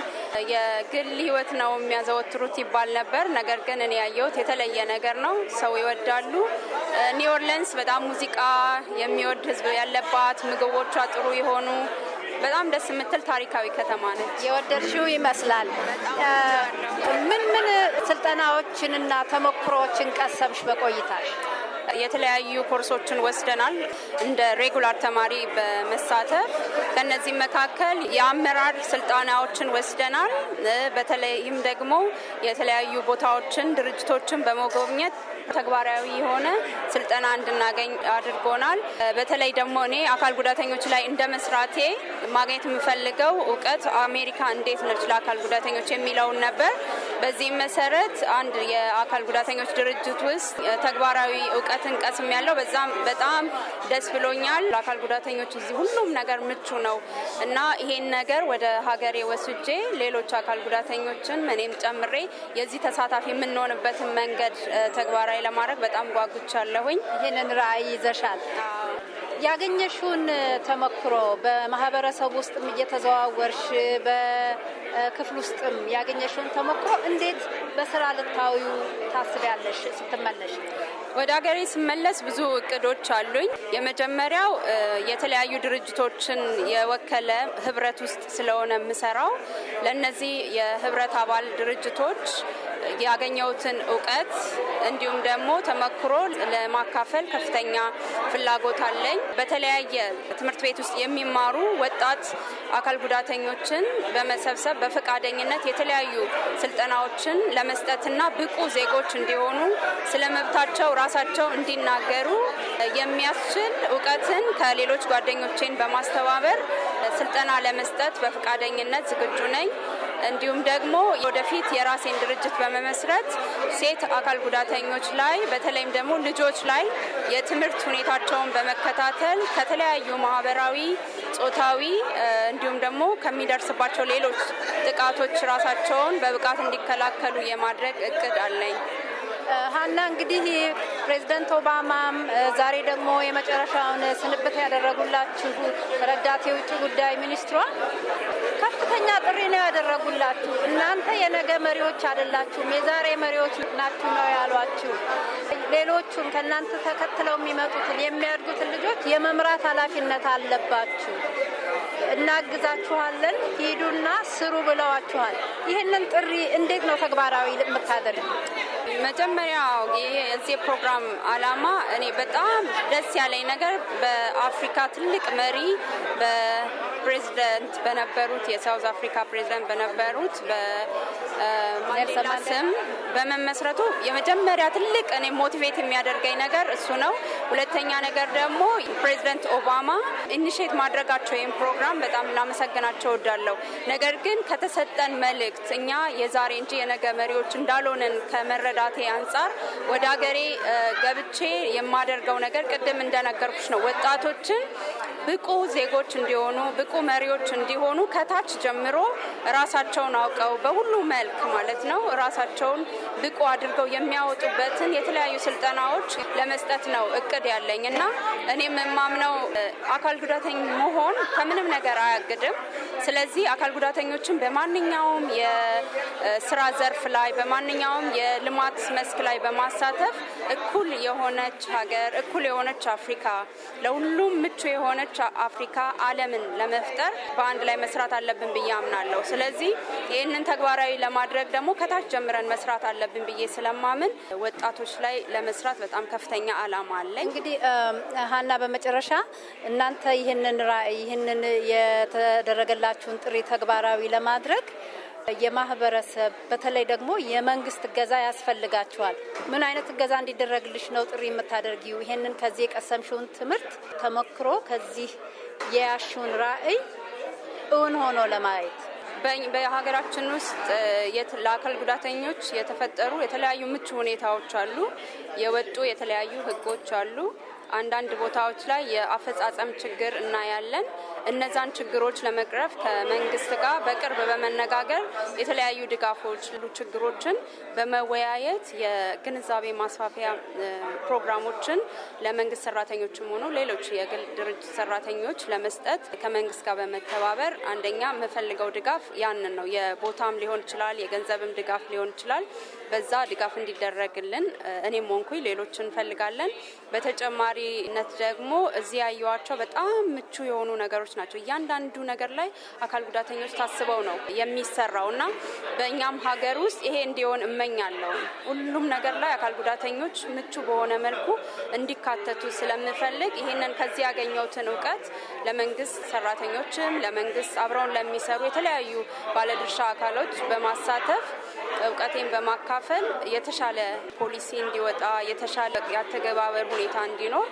የግል ህይወት ነው የሚያዘወትሩት ይባል ነበር። ነገር ግን እኔ ያየሁት የተለየ ነገር ነው። ሰው ይወዳሉ። ኒው ኦርሊንስ በጣም ሙዚቃ የሚወድ ህዝብ ያለባት፣ ምግቦቿ ጥሩ የሆኑ በጣም ደስ የምትል ታሪካዊ ከተማ ነች። የወደድሽው ይመስላል። ምን ምን ስልጠናዎችንና ተሞክሮዎችን ቀሰብሽ በቆይታሽ? የተለያዩ ኮርሶችን ወስደናል እንደ ሬጉላር ተማሪ በመሳተፍ ከነዚህም መካከል የአመራር ስልጠናዎችን ወስደናል። በተለይም ደግሞ የተለያዩ ቦታዎችን ድርጅቶችን በመጎብኘት ተግባራዊ የሆነ ስልጠና እንድናገኝ አድርጎናል። በተለይ ደግሞ እኔ አካል ጉዳተኞች ላይ እንደ መስራቴ ማግኘት የምፈልገው እውቀት አሜሪካ እንዴት ነች ለአካል ጉዳተኞች የሚለውን ነበር። በዚህም መሰረት አንድ የአካል ጉዳተኞች ድርጅት ውስጥ ተግባራዊ እውቀትን ቀስም ያለው በዛም በጣም ደስ ብሎኛል። ለአካል ጉዳተኞች እዚህ ሁሉም ነገር ምቹ ነው እና ይሄን ነገር ወደ ሀገሬ ወስጄ ሌሎች አካል ጉዳተኞችን እኔም ጨምሬ የዚህ ተሳታፊ የምንሆንበትን መንገድ ተግባራዊ ላይ ለማድረግ በጣም ጓጉቻለሁኝ። ይህንን ራዕይ ይዘሻል። ያገኘሽውን ተመክሮ በማህበረሰብ ውስጥ እየተዘዋወርሽ ክፍል ውስጥም ያገኘሽውን ተሞክሮ እንዴት በስራ ልታዩ ታስቢያለሽ ስትመለሽ? ወደ ሀገሬ ስመለስ ብዙ እቅዶች አሉኝ። የመጀመሪያው የተለያዩ ድርጅቶችን የወከለ ህብረት ውስጥ ስለሆነ የምሰራው ለእነዚህ የህብረት አባል ድርጅቶች ያገኘሁትን እውቀት እንዲሁም ደግሞ ተመክሮ ለማካፈል ከፍተኛ ፍላጎት አለኝ። በተለያየ ትምህርት ቤት ውስጥ የሚማሩ ወጣት አካል ጉዳተኞችን በመሰብሰብ በፈቃደኝነት የተለያዩ ስልጠናዎችን ለመስጠትና ብቁ ዜጎች እንዲሆኑ ስለ መብታቸው ራሳቸው እንዲናገሩ የሚያስችል እውቀትን ከሌሎች ጓደኞቼን በማስተባበር ስልጠና ለመስጠት በፈቃደኝነት ዝግጁ ነኝ። እንዲሁም ደግሞ ወደፊት የራሴን ድርጅት በመመስረት ሴት አካል ጉዳተኞች ላይ በተለይም ደግሞ ልጆች ላይ የትምህርት ሁኔታቸውን በመከታተል ከተለያዩ ማህበራዊ፣ ጾታዊ እንዲሁም ደግሞ ከሚደርስባቸው ሌሎች ጥቃቶች ራሳቸውን በብቃት እንዲከላከሉ የማድረግ እቅድ አለኝ። ሀና እንግዲህ ፕሬዚደንት ኦባማም ዛሬ ደግሞ የመጨረሻውን ስንብት ያደረጉላችሁ ረዳት የውጭ ጉዳይ ሚኒስትሯ ከፍተኛ ጥሪ ነው ያደረጉላችሁ። እናንተ የነገ መሪዎች አይደላችሁም፣ የዛሬ መሪዎች ናችሁ ነው ያሏችሁ። ሌሎቹን ከእናንተ ተከትለው የሚመጡትን የሚያድጉትን ልጆች የመምራት ኃላፊነት አለባችሁ። እናግዛችኋለን፣ ሂዱና ስሩ ብለዋችኋል። ይህንን ጥሪ እንዴት ነው ተግባራዊ የምታደርጉት? መጀመሪያ የዚህ ፕሮግራም አላማ እኔ በጣም ደስ ያለኝ ነገር በአፍሪካ ትልቅ መሪ ፕሬዚደንት በነበሩት የሳውዝ አፍሪካ ፕሬዚደንት በነበሩት በኔልሰን ስም በመመስረቱ የመጀመሪያ ትልቅ እኔ ሞቲቬት የሚያደርገኝ ነገር እሱ ነው። ሁለተኛ ነገር ደግሞ ፕሬዚደንት ኦባማ ኢኒሽት ማድረጋቸው ይህም ፕሮግራም በጣም ላመሰግናቸው እወዳለሁ። ነገር ግን ከተሰጠን መልእክት እኛ የዛሬ እንጂ የነገ መሪዎች እንዳልሆንን ከመረዳቴ አንጻር ወደ ሀገሬ ገብቼ የማደርገው ነገር ቅድም እንደነገርኩች ነው ወጣቶችን ብቁ ዜጎች እንዲሆኑ ብቁ መሪዎች እንዲሆኑ ከታች ጀምሮ ራሳቸውን አውቀው በሁሉ መልክ ማለት ነው ራሳቸውን ብቁ አድርገው የሚያወጡበትን የተለያዩ ስልጠናዎች ለመስጠት ነው እቅድ ያለኝ እና እኔም የማምነው አካል ጉዳተኝ መሆን ከምንም ነገር አያግድም። ስለዚህ አካል ጉዳተኞችን በማንኛውም የስራ ዘርፍ ላይ በማንኛውም የልማት መስክ ላይ በማሳተፍ እኩል የሆነች ሀገር፣ እኩል የሆነች አፍሪካ፣ ለሁሉም ምቹ የሆነች ብቻ አፍሪካ ዓለምን ለመፍጠር በአንድ ላይ መስራት አለብን ብዬ አምናለሁ። ስለዚህ ይህንን ተግባራዊ ለማድረግ ደግሞ ከታች ጀምረን መስራት አለብን ብዬ ስለማምን ወጣቶች ላይ ለመስራት በጣም ከፍተኛ ዓላማ አለኝ። እንግዲህ ሀና፣ በመጨረሻ እናንተ ይህንን ራዕይ ይህንን የተደረገላችሁን ጥሪ ተግባራዊ ለማድረግ የማህበረሰብ በተለይ ደግሞ የመንግስት እገዛ ያስፈልጋቸዋል። ምን አይነት እገዛ እንዲደረግልሽ ነው ጥሪ የምታደርጊው? ይሄንን ከዚህ የቀሰምሽውን ትምህርት ተሞክሮ ከዚህ የያሽውን ራዕይ እውን ሆኖ ለማየት በሀገራችን ውስጥ ለአካል ጉዳተኞች የተፈጠሩ የተለያዩ ምቹ ሁኔታዎች አሉ። የወጡ የተለያዩ ህጎች አሉ። አንዳንድ ቦታዎች ላይ የአፈጻጸም ችግር እናያለን። እነዛን ችግሮች ለመቅረፍ ከመንግስት ጋር በቅርብ በመነጋገር የተለያዩ ድጋፎች ሉ ችግሮችን በመወያየት የግንዛቤ ማስፋፊያ ፕሮግራሞችን ለመንግስት ሰራተኞችም ሆኑ ሌሎች የግል ድርጅት ሰራተኞች ለመስጠት ከመንግስት ጋር በመተባበር አንደኛ የምፈልገው ድጋፍ ያንን ነው። የቦታም ሊሆን ይችላል፣ የገንዘብም ድጋፍ ሊሆን ይችላል። በዛ ድጋፍ እንዲደረግልን እኔም ሆንኩኝ ሌሎች እንፈልጋለን። በተጨማሪነት ደግሞ እዚህ ያየዋቸው በጣም ምቹ የሆኑ ነገሮች ናቸው። እያንዳንዱ ነገር ላይ አካል ጉዳተኞች ታስበው ነው የሚሰራው እና በእኛም ሀገር ውስጥ ይሄ እንዲሆን እመኛለሁ። ሁሉም ነገር ላይ አካል ጉዳተኞች ምቹ በሆነ መልኩ እንዲካተቱ ስለምፈልግ ይህንን ከዚህ ያገኘሁትን እውቀት ለመንግስት ሰራተኞችም ለመንግስት አብረውን ለሚሰሩ የተለያዩ ባለድርሻ አካሎች በማሳተፍ እውቀቴን በማካፈል የተሻለ ፖሊሲ እንዲወጣ የተሻለ የአተገባበር ሁኔታ እንዲኖር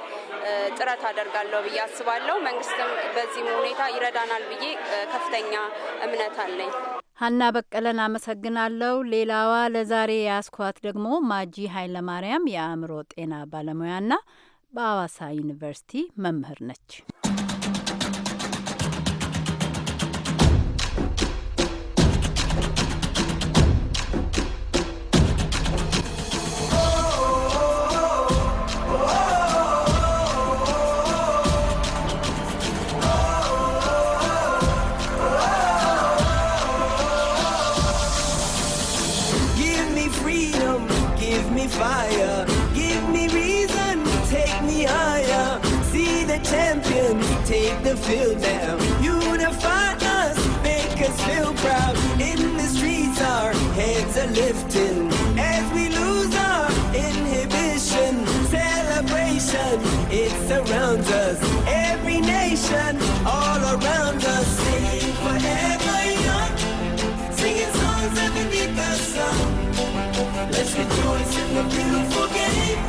ጥረት አደርጋለሁ ብዬ አስባለሁ። መንግስትም በዚህም ሁኔታ ይረዳናል ብዬ ከፍተኛ እምነት አለኝ። ሀና በቀለን አመሰግናለሁ። ሌላዋ ለዛሬ የአስኳት ደግሞ ማጂ ኃይለማርያም የአእምሮ ጤና ባለሙያና በአዋሳ ዩኒቨርሲቲ መምህር ነች። feel down. Unify us, make us feel proud. In the streets, our heads are lifting. As we lose our inhibition, celebration, it surrounds us. Every nation, all around us, singing forever young. Singing songs that beneath the sun. Let's rejoice in the beautiful game.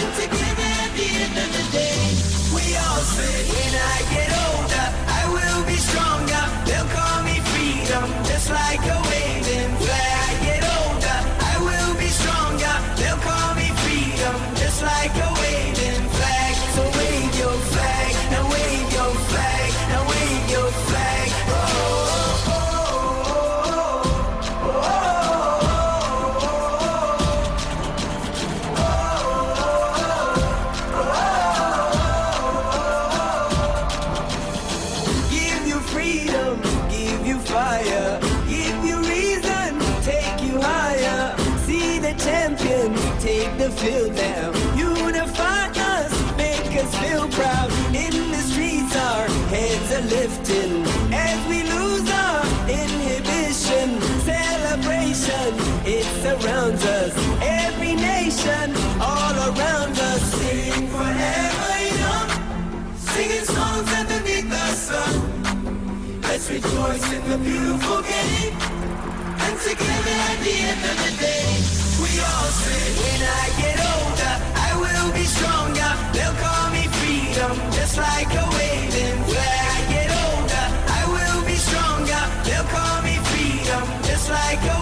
And together at the end of the day, we all sing. When I get in the beautiful game. And together at the end of the day, we all say, when I get older, I will be stronger. They'll call me freedom, just like a wave. And when I get older, I will be stronger. They'll call me freedom, just like a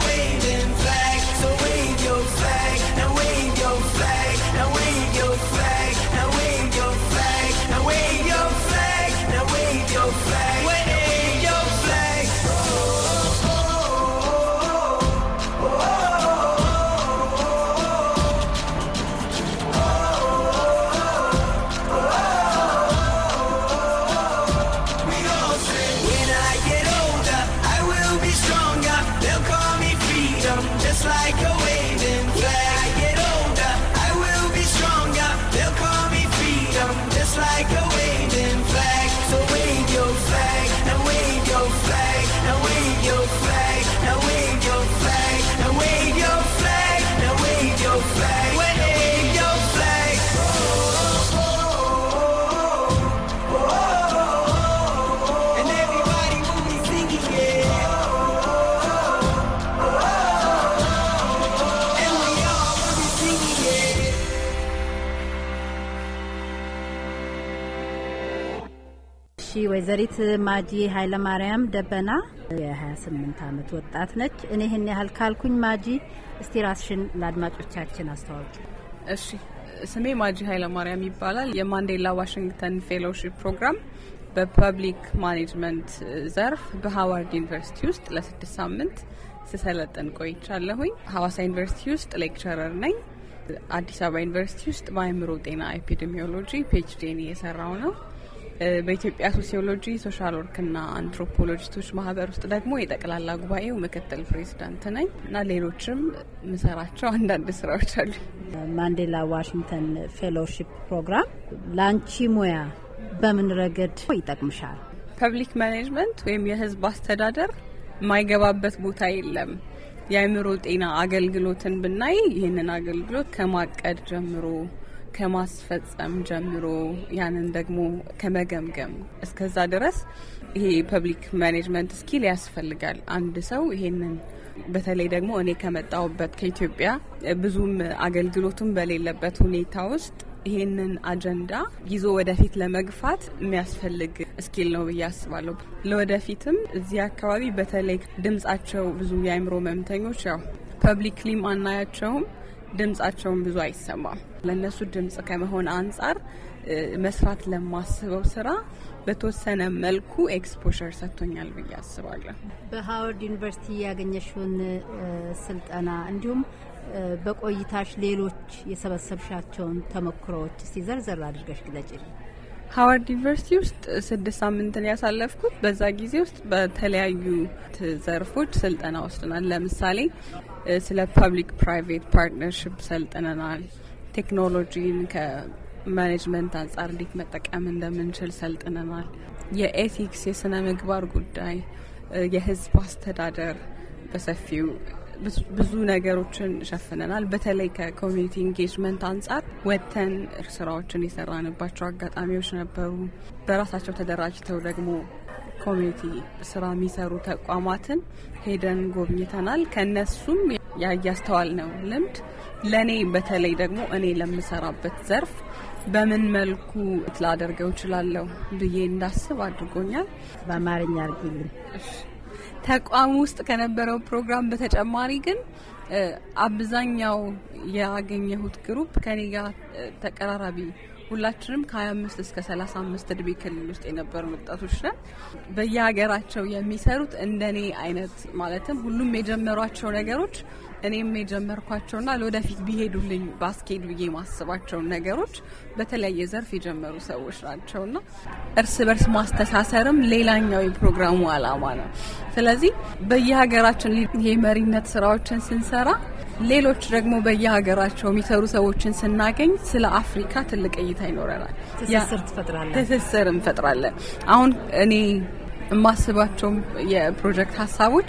ወይዘሪት ማጂ ኃይለማርያም ደበና የ28 ዓመት ወጣት ነች። እኔ ይህን ያህል ካልኩኝ ማጂ፣ እስቲ ራስሽን ለአድማጮቻችን አስተዋውቂ። እሺ፣ ስሜ ማጂ ኃይለማርያም ይባላል። የማንዴላ ዋሽንግተን ፌሎሺፕ ፕሮግራም በፐብሊክ ማኔጅመንት ዘርፍ በሀዋርድ ዩኒቨርሲቲ ውስጥ ለስድስት ሳምንት ስሰለጥን ቆይቻለሁኝ። ሀዋሳ ዩኒቨርሲቲ ውስጥ ሌክቸረር ነኝ። አዲስ አበባ ዩኒቨርሲቲ ውስጥ በአእምሮ ጤና ኤፒዴሚዮሎጂ ፒኤችዲን እየሰራው ነው። በኢትዮጵያ ሶሲዮሎጂ ሶሻል ወርክና አንትሮፖሎጂስቶች ማህበር ውስጥ ደግሞ የጠቅላላ ጉባኤው ምክትል ፕሬዚዳንት ነኝ እና ሌሎችም ምሰራቸው አንዳንድ ስራዎች አሉ። ማንዴላ ዋሽንግተን ፌሎሺፕ ፕሮግራም ለአንቺ ሙያ በምን ረገድ ይጠቅምሻል? ፐብሊክ ማኔጅመንት ወይም የህዝብ አስተዳደር የማይገባበት ቦታ የለም። የአእምሮ ጤና አገልግሎትን ብናይ ይህንን አገልግሎት ከማቀድ ጀምሮ ከማስፈጸም ጀምሮ ያንን ደግሞ ከመገምገም እስከዛ ድረስ ይሄ ፐብሊክ ማኔጅመንት ስኪል ያስፈልጋል። አንድ ሰው ይሄንን በተለይ ደግሞ እኔ ከመጣሁበት ከኢትዮጵያ ብዙም አገልግሎቱም በሌለበት ሁኔታ ውስጥ ይህንን አጀንዳ ይዞ ወደፊት ለመግፋት የሚያስፈልግ ስኪል ነው ብዬ አስባለሁ። ለወደፊትም እዚህ አካባቢ በተለይ ድምጻቸው ብዙ የአይምሮ መምተኞች ያው ፐብሊክሊም አናያቸውም፣ ድምጻቸውን ብዙ አይሰማም። ለእነሱ ድምጽ ከመሆን አንጻር መስራት ለማስበው ስራ በተወሰነ መልኩ ኤክስፖሸር ሰጥቶኛል ብዬ አስባለሁ። በሀዋርድ ዩኒቨርሲቲ ያገኘሽውን ስልጠና እንዲሁም በቆይታሽ ሌሎች የሰበሰብሻቸውን ተሞክሮዎች ሲዘርዘር ዘርዘር አድርገሽ ግለጭ። ሀዋርድ ዩኒቨርሲቲ ውስጥ ስድስት ሳምንትን ያሳለፍኩት በዛ ጊዜ ውስጥ በተለያዩ ዘርፎች ስልጠና ወስደናል። ለምሳሌ ስለ ፐብሊክ ፕራይቬት ፓርትነርሽፕ ሰልጥነናል። ቴክኖሎጂን ከማኔጅመንት አንጻር እንዴት መጠቀም እንደምንችል ሰልጥነናል። የኤቲክስ የስነ ምግባር ጉዳይ፣ የህዝብ አስተዳደር በሰፊው ብዙ ነገሮችን ሸፍነናል። በተለይ ከኮሚኒቲ ኢንጌጅመንት አንጻር ወጥተን ስራዎችን የሰራንባቸው አጋጣሚዎች ነበሩ። በራሳቸው ተደራጅተው ደግሞ ኮሚኒቲ ስራ የሚሰሩ ተቋማትን ሄደን ጎብኝተናል። ከነሱም ያያስተዋል ነው ልምድ ለእኔ በተለይ ደግሞ እኔ ለምሰራበት ዘርፍ በምን መልኩ ላደርገው እችላለሁ ብዬ እንዳስብ አድርጎኛል። በአማርኛ አድርጊልኝ። ተቋም ውስጥ ከነበረው ፕሮግራም በተጨማሪ ግን አብዛኛው ያገኘሁት ግሩፕ ከኔ ጋር ተቀራራቢ ሁላችንም ከ25 እስከ 35 እድሜ ክልል ውስጥ የነበሩ ወጣቶች ነን። በየሀገራቸው የሚሰሩት እንደኔ አይነት ማለትም ሁሉም የጀመሯቸው ነገሮች እኔም የጀመርኳቸውና ለወደፊት ቢሄዱልኝ ባስኬድ ብዬ ማስባቸውን ነገሮች በተለያየ ዘርፍ የጀመሩ ሰዎች ናቸውና እርስ በርስ ማስተሳሰርም ሌላኛው የፕሮግራሙ አላማ ነው። ስለዚህ በየሀገራችን የመሪነት ስራዎችን ስንሰራ ሌሎች ደግሞ በየሀገራቸው የሚሰሩ ሰዎችን ስናገኝ ስለ አፍሪካ ትልቅ እይታ ይኖረናል። ትስስር ትፈጥራለን፣ ትስስር እንፈጥራለን። አሁን እኔ የማስባቸው የፕሮጀክት ሀሳቦች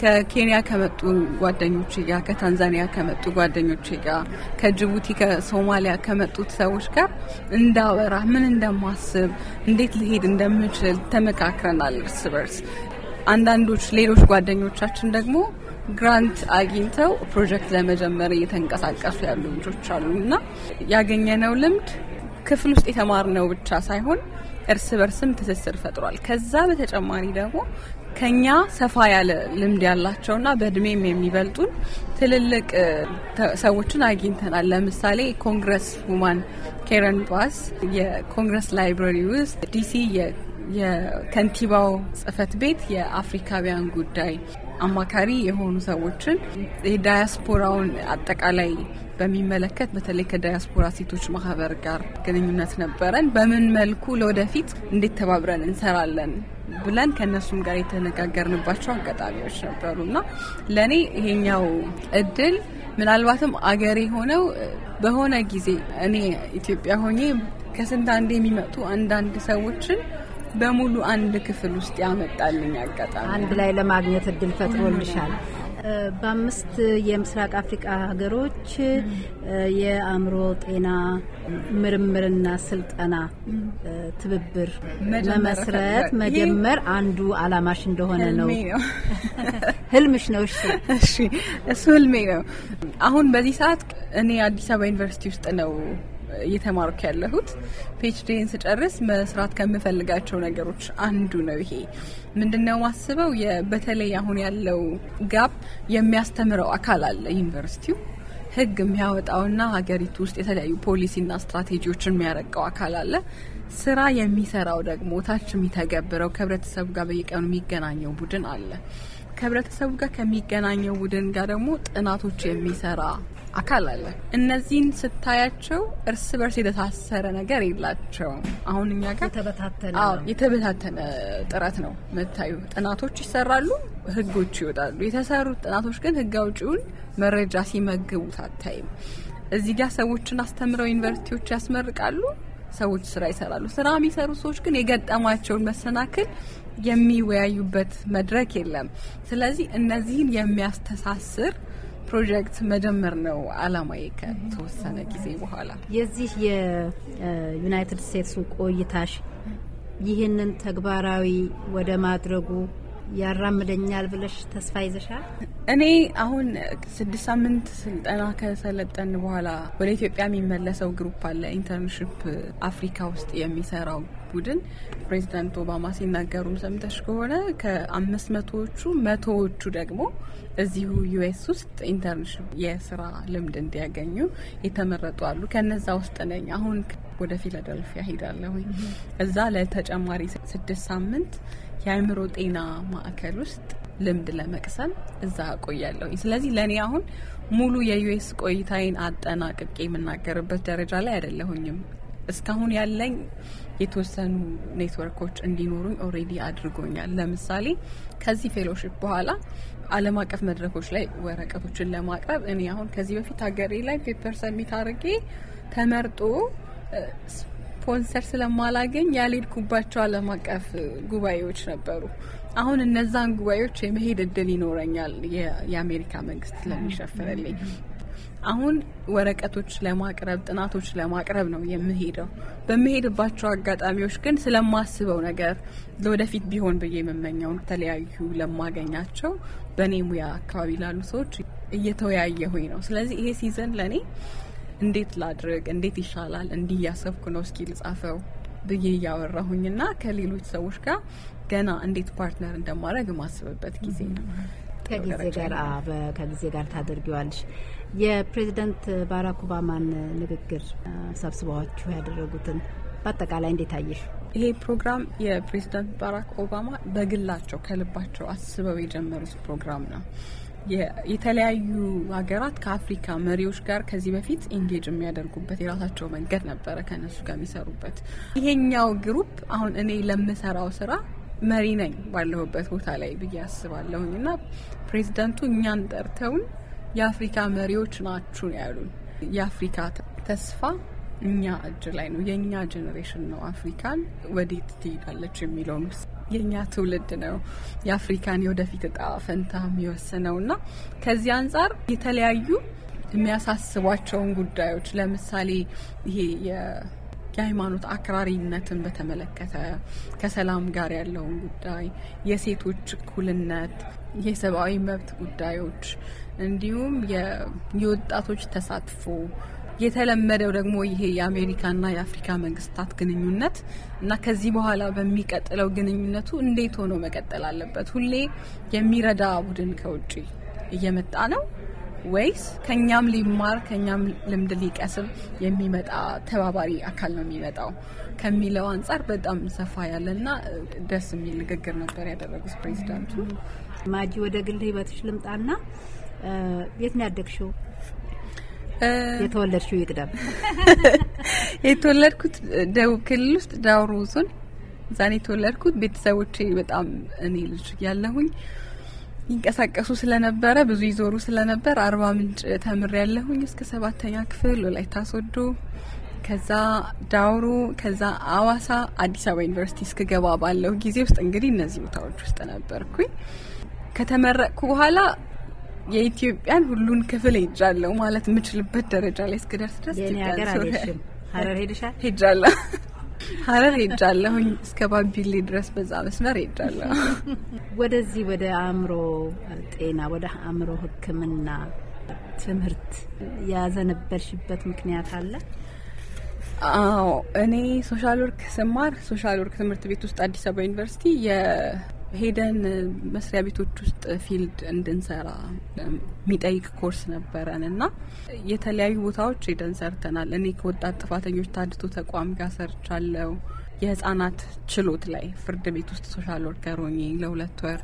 ከኬንያ ከመጡ ጓደኞች ጋር፣ ከታንዛኒያ ከመጡ ጓደኞች ጋር፣ ከጅቡቲ ከሶማሊያ ከመጡት ሰዎች ጋር እንዳወራ ምን እንደማስብ እንዴት ልሄድ እንደምችል ተመካክረናል እርስ በርስ። አንዳንዶች ሌሎች ጓደኞቻችን ደግሞ ግራንት አግኝተው ፕሮጀክት ለመጀመር እየተንቀሳቀሱ ያሉ ልጆች አሉ እና ያገኘነው ልምድ ክፍል ውስጥ የተማርነው ብቻ ሳይሆን እርስ በርስም ትስስር ፈጥሯል። ከዛ በተጨማሪ ደግሞ ከኛ ሰፋ ያለ ልምድ ያላቸውና በእድሜም የሚበልጡን ትልልቅ ሰዎችን አግኝተናል። ለምሳሌ ኮንግረስ ውማን ኬረን ባስ የኮንግረስ ላይብራሪ ውስጥ ዲሲ የከንቲባው ጽህፈት ቤት የአፍሪካውያን ጉዳይ አማካሪ የሆኑ ሰዎችን የዳያስፖራውን አጠቃላይ በሚመለከት በተለይ ከዳያስፖራ ሴቶች ማህበር ጋር ግንኙነት ነበረን። በምን መልኩ ለወደፊት እንዴት ተባብረን እንሰራለን ብለን ከእነሱም ጋር የተነጋገርንባቸው አጋጣሚዎች ነበሩ እና ለእኔ ይሄኛው እድል ምናልባትም አገሬ ሆነው በሆነ ጊዜ እኔ ኢትዮጵያ ሆኜ ከስንት አንድ የሚመጡ አንዳንድ ሰዎችን በሙሉ አንድ ክፍል ውስጥ ያመጣልኝ አጋጣሚ አንድ ላይ ለማግኘት እድል ፈጥሮልሻል። በአምስት የምስራቅ አፍሪካ ሀገሮች የአእምሮ ጤና ምርምርና ስልጠና ትብብር መመስረት መጀመር አንዱ አላማሽ እንደሆነ ነው። ህልምሽ ነው? እሺ፣ እሱ ህልሜ ነው። አሁን በዚህ ሰዓት እኔ አዲስ አበባ ዩኒቨርሲቲ ውስጥ ነው እየተማርኩ ያለሁት። ፒኤችዲን ስጨርስ መስራት ከምፈልጋቸው ነገሮች አንዱ ነው። ይሄ ምንድነው ማስበው በተለይ አሁን ያለው ጋፕ የሚያስተምረው አካል አለ ዩኒቨርሲቲው ህግ የሚያወጣውና ሀገሪቱ ውስጥ የተለያዩ ፖሊሲና ስትራቴጂዎችን የሚያረቀው አካል አለ። ስራ የሚሰራው ደግሞ ታች የሚተገብረው ከህብረተሰቡ ጋር በየቀኑ የሚገናኘው ቡድን አለ። ከህብረተሰቡ ጋር ከሚገናኘው ቡድን ጋር ደግሞ ጥናቶች የሚሰራ አካል አለ። እነዚህን ስታያቸው እርስ በርስ የተሳሰረ ነገር የላቸውም። አሁን እኛ ጋር የተበታተነ ጥረት ነው መታዩ። ጥናቶች ይሰራሉ፣ ህጎች ይወጣሉ። የተሰሩት ጥናቶች ግን ህግ አውጪውን መረጃ ሲመግቡት አታይም። እዚህ ጋር ሰዎችን አስተምረው ዩኒቨርሲቲዎች ያስመርቃሉ፣ ሰዎች ስራ ይሰራሉ። ስራ የሚሰሩ ሰዎች ግን የገጠማቸውን መሰናክል የሚወያዩበት መድረክ የለም። ስለዚህ እነዚህን የሚያስተሳስር ፕሮጀክት መጀመር ነው አላማዬ። ከተወሰነ ጊዜ በኋላ የዚህ የዩናይትድ ስቴትሱ ቆይታሽ ይህንን ተግባራዊ ወደ ማድረጉ ያራምደኛል ብለሽ ተስፋ ይዘሻል? እኔ አሁን ስድስት ሳምንት ስልጠና ከሰለጠን በኋላ ወደ ኢትዮጵያ የሚመለሰው ግሩፕ አለ ኢንተርንሽፕ አፍሪካ ውስጥ የሚሰራው ቡድን ፕሬዚዳንት ኦባማ ሲናገሩም ሰምተሽ ከሆነ ከአምስት መቶዎቹ መቶዎቹ ደግሞ እዚሁ ዩኤስ ውስጥ ኢንተርንሽፕ የስራ ልምድ እንዲያገኙ የተመረጡ አሉ። ከነዛ ውስጥ ነኝ። አሁን ወደ ፊላደልፊያ ሄዳለሁ። እዛ ለተጨማሪ ስድስት ሳምንት የአእምሮ ጤና ማዕከል ውስጥ ልምድ ለመቅሰም እዛ ቆያለሁ። ስለዚህ ለእኔ አሁን ሙሉ የዩኤስ ቆይታዬን አጠናቅቄ የምናገርበት ደረጃ ላይ አይደለሁኝም። እስካሁን ያለኝ የተወሰኑ ኔትወርኮች እንዲኖሩኝ ኦሬዲ አድርጎኛል። ለምሳሌ ከዚህ ፌሎሽፕ በኋላ ዓለም አቀፍ መድረኮች ላይ ወረቀቶችን ለማቅረብ እኔ አሁን ከዚህ በፊት ሀገሬ ላይ ፔፐር ሰሚት አድርጌ ተመርጦ ስፖንሰር ስለማላገኝ ያልሄድኩባቸው ዓለም አቀፍ ጉባኤዎች ነበሩ። አሁን እነዛን ጉባኤዎች የመሄድ እድል ይኖረኛል የአሜሪካ መንግስት ስለሚሸፍንልኝ። አሁን ወረቀቶች ለማቅረብ ጥናቶች ለማቅረብ ነው የምሄደው። በምሄድባቸው አጋጣሚዎች ግን ስለማስበው ነገር ለወደፊት ቢሆን ብዬ የምመኘውን የተለያዩ ለማገኛቸው በእኔ ሙያ አካባቢ ላሉ ሰዎች እየተወያየሁኝ ነው። ስለዚህ ይሄ ሲዘን ለእኔ እንዴት ላድርግ፣ እንዴት ይሻላል፣ እንዲህ እያሰብኩ ነው፣ እስኪ ልጻፈው ብዬ እያወራሁኝና ከሌሎች ሰዎች ጋር ገና እንዴት ፓርትነር እንደማድረግ የማስብበት ጊዜ ነው። ከጊዜ ጋር ከጊዜ ጋር ታደርጊዋለሽ። የፕሬዚደንት ባራክ ኦባማን ንግግር ሰብስበዋችሁ ያደረጉትን በአጠቃላይ እንዴት አየሽ? ይሄ ፕሮግራም የፕሬዚደንት ባራክ ኦባማ በግላቸው ከልባቸው አስበው የጀመሩት ፕሮግራም ነው። የተለያዩ ሀገራት ከአፍሪካ መሪዎች ጋር ከዚህ በፊት ኢንጌጅ የሚያደርጉበት የራሳቸው መንገድ ነበረ፣ ከነሱ ጋር የሚሰሩበት። ይሄኛው ግሩፕ አሁን እኔ ለምሰራው ስራ መሪ ነኝ ባለሁበት ቦታ ላይ ብዬ አስባለሁኝ እና ፕሬዚደንቱ እኛን ጠርተውን የአፍሪካ መሪዎች ናችሁ ያሉን። የአፍሪካ ተስፋ እኛ እጅ ላይ ነው። የእኛ ጀኔሬሽን ነው አፍሪካን ወዴት ትሄዳለች የሚለውን የእኛ ትውልድ ነው የአፍሪካን የወደፊት እጣ ፈንታ የሚወስነው እና ከዚህ አንጻር የተለያዩ የሚያሳስቧቸውን ጉዳዮች ለምሳሌ ይሄ የሃይማኖት አክራሪነትን በተመለከተ ከሰላም ጋር ያለውን ጉዳይ፣ የሴቶች እኩልነት፣ የሰብአዊ መብት ጉዳዮች እንዲሁም የወጣቶች ተሳትፎ የተለመደው ደግሞ ይሄ የአሜሪካና የአፍሪካ መንግስታት ግንኙነት እና ከዚህ በኋላ በሚቀጥለው ግንኙነቱ እንዴት ሆኖ መቀጠል አለበት? ሁሌ የሚረዳ ቡድን ከውጭ እየመጣ ነው። ወይስ ከኛም ሊማር ከኛም ልምድ ሊቀስም የሚመጣ ተባባሪ አካል ነው የሚመጣው ከሚለው አንጻር በጣም ሰፋ ያለና ደስ የሚል ንግግር ነበር ያደረጉት ፕሬዚዳንቱ። ማጂ ወደ ግል ህይወትሽ ልምጣና የት ነው ያደግሽው? የተወለድሽው ይቅደም። የተወለድኩት ደቡብ ክልል ውስጥ ዳውሮ ዞን፣ እዛን የተወለድኩት። ቤተሰቦቼ በጣም እኔ ልጅ ያለሁኝ ይንቀሳቀሱ ስለነበረ ብዙ ይዞሩ ስለነበር አርባ ምንጭ ተምር ያለሁኝ እስከ ሰባተኛ ክፍል ወላይታ ሶዶ፣ ከዛ ዳውሮ፣ ከዛ አዋሳ አዲስ አበባ ዩኒቨርሲቲ እስክገባ ባለው ጊዜ ውስጥ እንግዲህ እነዚህ ቦታዎች ውስጥ ነበርኩኝ። ከተመረቅኩ በኋላ የኢትዮጵያን ሁሉን ክፍል ሄጃለሁ ማለት የምችልበት ደረጃ ላይ እስክደርስ ድረስ ሄጃለሁ። ሀረር ሄጃለሁኝ እስከ ባቢሌ ድረስ በዛ መስመር ሄጃለሁ። ወደዚህ ወደ አእምሮ ጤና ወደ አእምሮ ሕክምና ትምህርት ያዘነበልሽበት ምክንያት አለ? አዎ እኔ ሶሻል ወርክ ስማር ሶሻል ወርክ ትምህርት ቤት ውስጥ አዲስ አበባ ዩኒቨርሲቲ ሄደን መስሪያ ቤቶች ውስጥ ፊልድ እንድንሰራ የሚጠይቅ ኮርስ ነበረን እና የተለያዩ ቦታዎች ሄደን ሰርተናል። እኔ ከወጣት ጥፋተኞች ታድቶ ተቋም ጋር ሰርቻለው የህጻናት ችሎት ላይ ፍርድ ቤት ውስጥ ሶሻል ወርከር ሆኜ ለሁለት ወር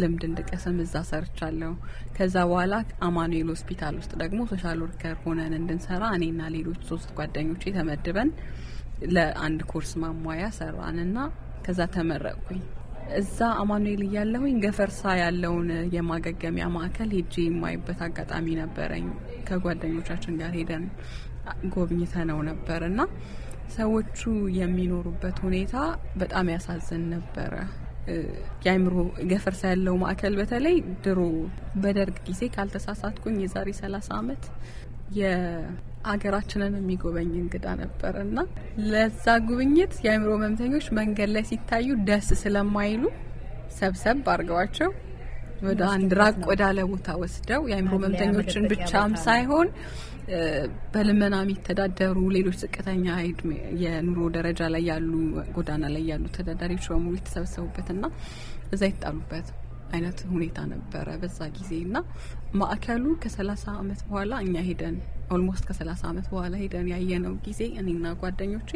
ልምድ እንድቀስም እዛ ሰርቻለሁ። ከዛ በኋላ አማኑኤል ሆስፒታል ውስጥ ደግሞ ሶሻል ወርከር ሆነን እንድንሰራ እኔና ሌሎች ሶስት ጓደኞቼ ተመድበን ለአንድ ኮርስ ማሟያ እና ከዛ ተመረቅኩኝ። እዛ አማኑኤል እያለሁኝ ገፈርሳ ያለውን የማገገሚያ ማዕከል ሄጄ የማይበት አጋጣሚ ነበረኝ። ከጓደኞቻችን ጋር ሄደን ጎብኝተ ነው ነበር እና ሰዎቹ የሚኖሩበት ሁኔታ በጣም ያሳዝን ነበረ። የአይምሮ ገፈርሳ ያለው ማዕከል በተለይ ድሮ በደርግ ጊዜ ካልተሳሳትኩኝ የዛሬ ሰላሳ አመት የአገራችንን የሚጎበኝ እንግዳ ነበር እና ለዛ ጉብኝት የአእምሮ ህመምተኞች መንገድ ላይ ሲታዩ ደስ ስለማይሉ ሰብሰብ አድርገዋቸው ወደ አንድ ራቅ ወዳለ ቦታ ወስደው የአእምሮ ህመምተኞችን ብቻም ሳይሆን በልመና የሚተዳደሩ ሌሎች ዝቅተኛ የኑሮ ደረጃ ላይ ያሉ ጎዳና ላይ ያሉ ተዳዳሪዎች በሙሉ የተሰበሰቡበትና እዛ ይጣሉበት አይነት ሁኔታ ነበረ በዛ ጊዜ እና ማዕከሉ ከሰላሳ አመት በኋላ እኛ ሄደን ኦልሞስት ከሰላሳ አመት በኋላ ሄደን ያየነው ጊዜ እኔና ጓደኞቼ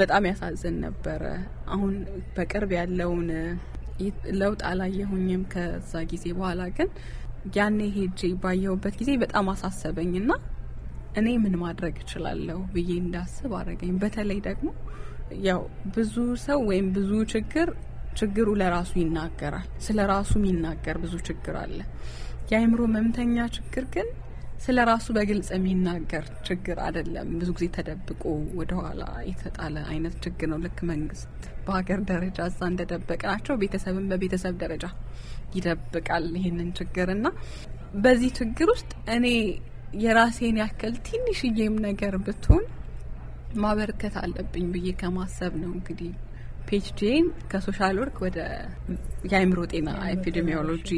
በጣም ያሳዝን ነበረ። አሁን በቅርብ ያለውን ለውጥ አላየሁኝም። ከዛ ጊዜ በኋላ ግን ያኔ ሄጄ ባየሁበት ጊዜ በጣም አሳሰበኝ እና እኔ ምን ማድረግ እችላለሁ ብዬ እንዳስብ አረገኝ። በተለይ ደግሞ ያው ብዙ ሰው ወይም ብዙ ችግር ችግሩ ለራሱ ይናገራል። ስለ ራሱ የሚናገር ብዙ ችግር አለ። የአእምሮ ህመምተኛ ችግር ግን ስለ ራሱ በግልጽ የሚናገር ችግር አይደለም። ብዙ ጊዜ ተደብቆ ወደኋላ የተጣለ አይነት ችግር ነው። ልክ መንግስት በሀገር ደረጃ እዛ እንደደበቅ ናቸው፣ ቤተሰብን በቤተሰብ ደረጃ ይደብቃል ይህንን ችግር እና በዚህ ችግር ውስጥ እኔ የራሴን ያክል ትንሽዬም ነገር ብትሆን ማበርከት አለብኝ ብዬ ከማሰብ ነው እንግዲህ ፒኤችዲን ከሶሻል ወርክ ወደ የአይምሮ ጤና ኤፒዲሚዮሎጂ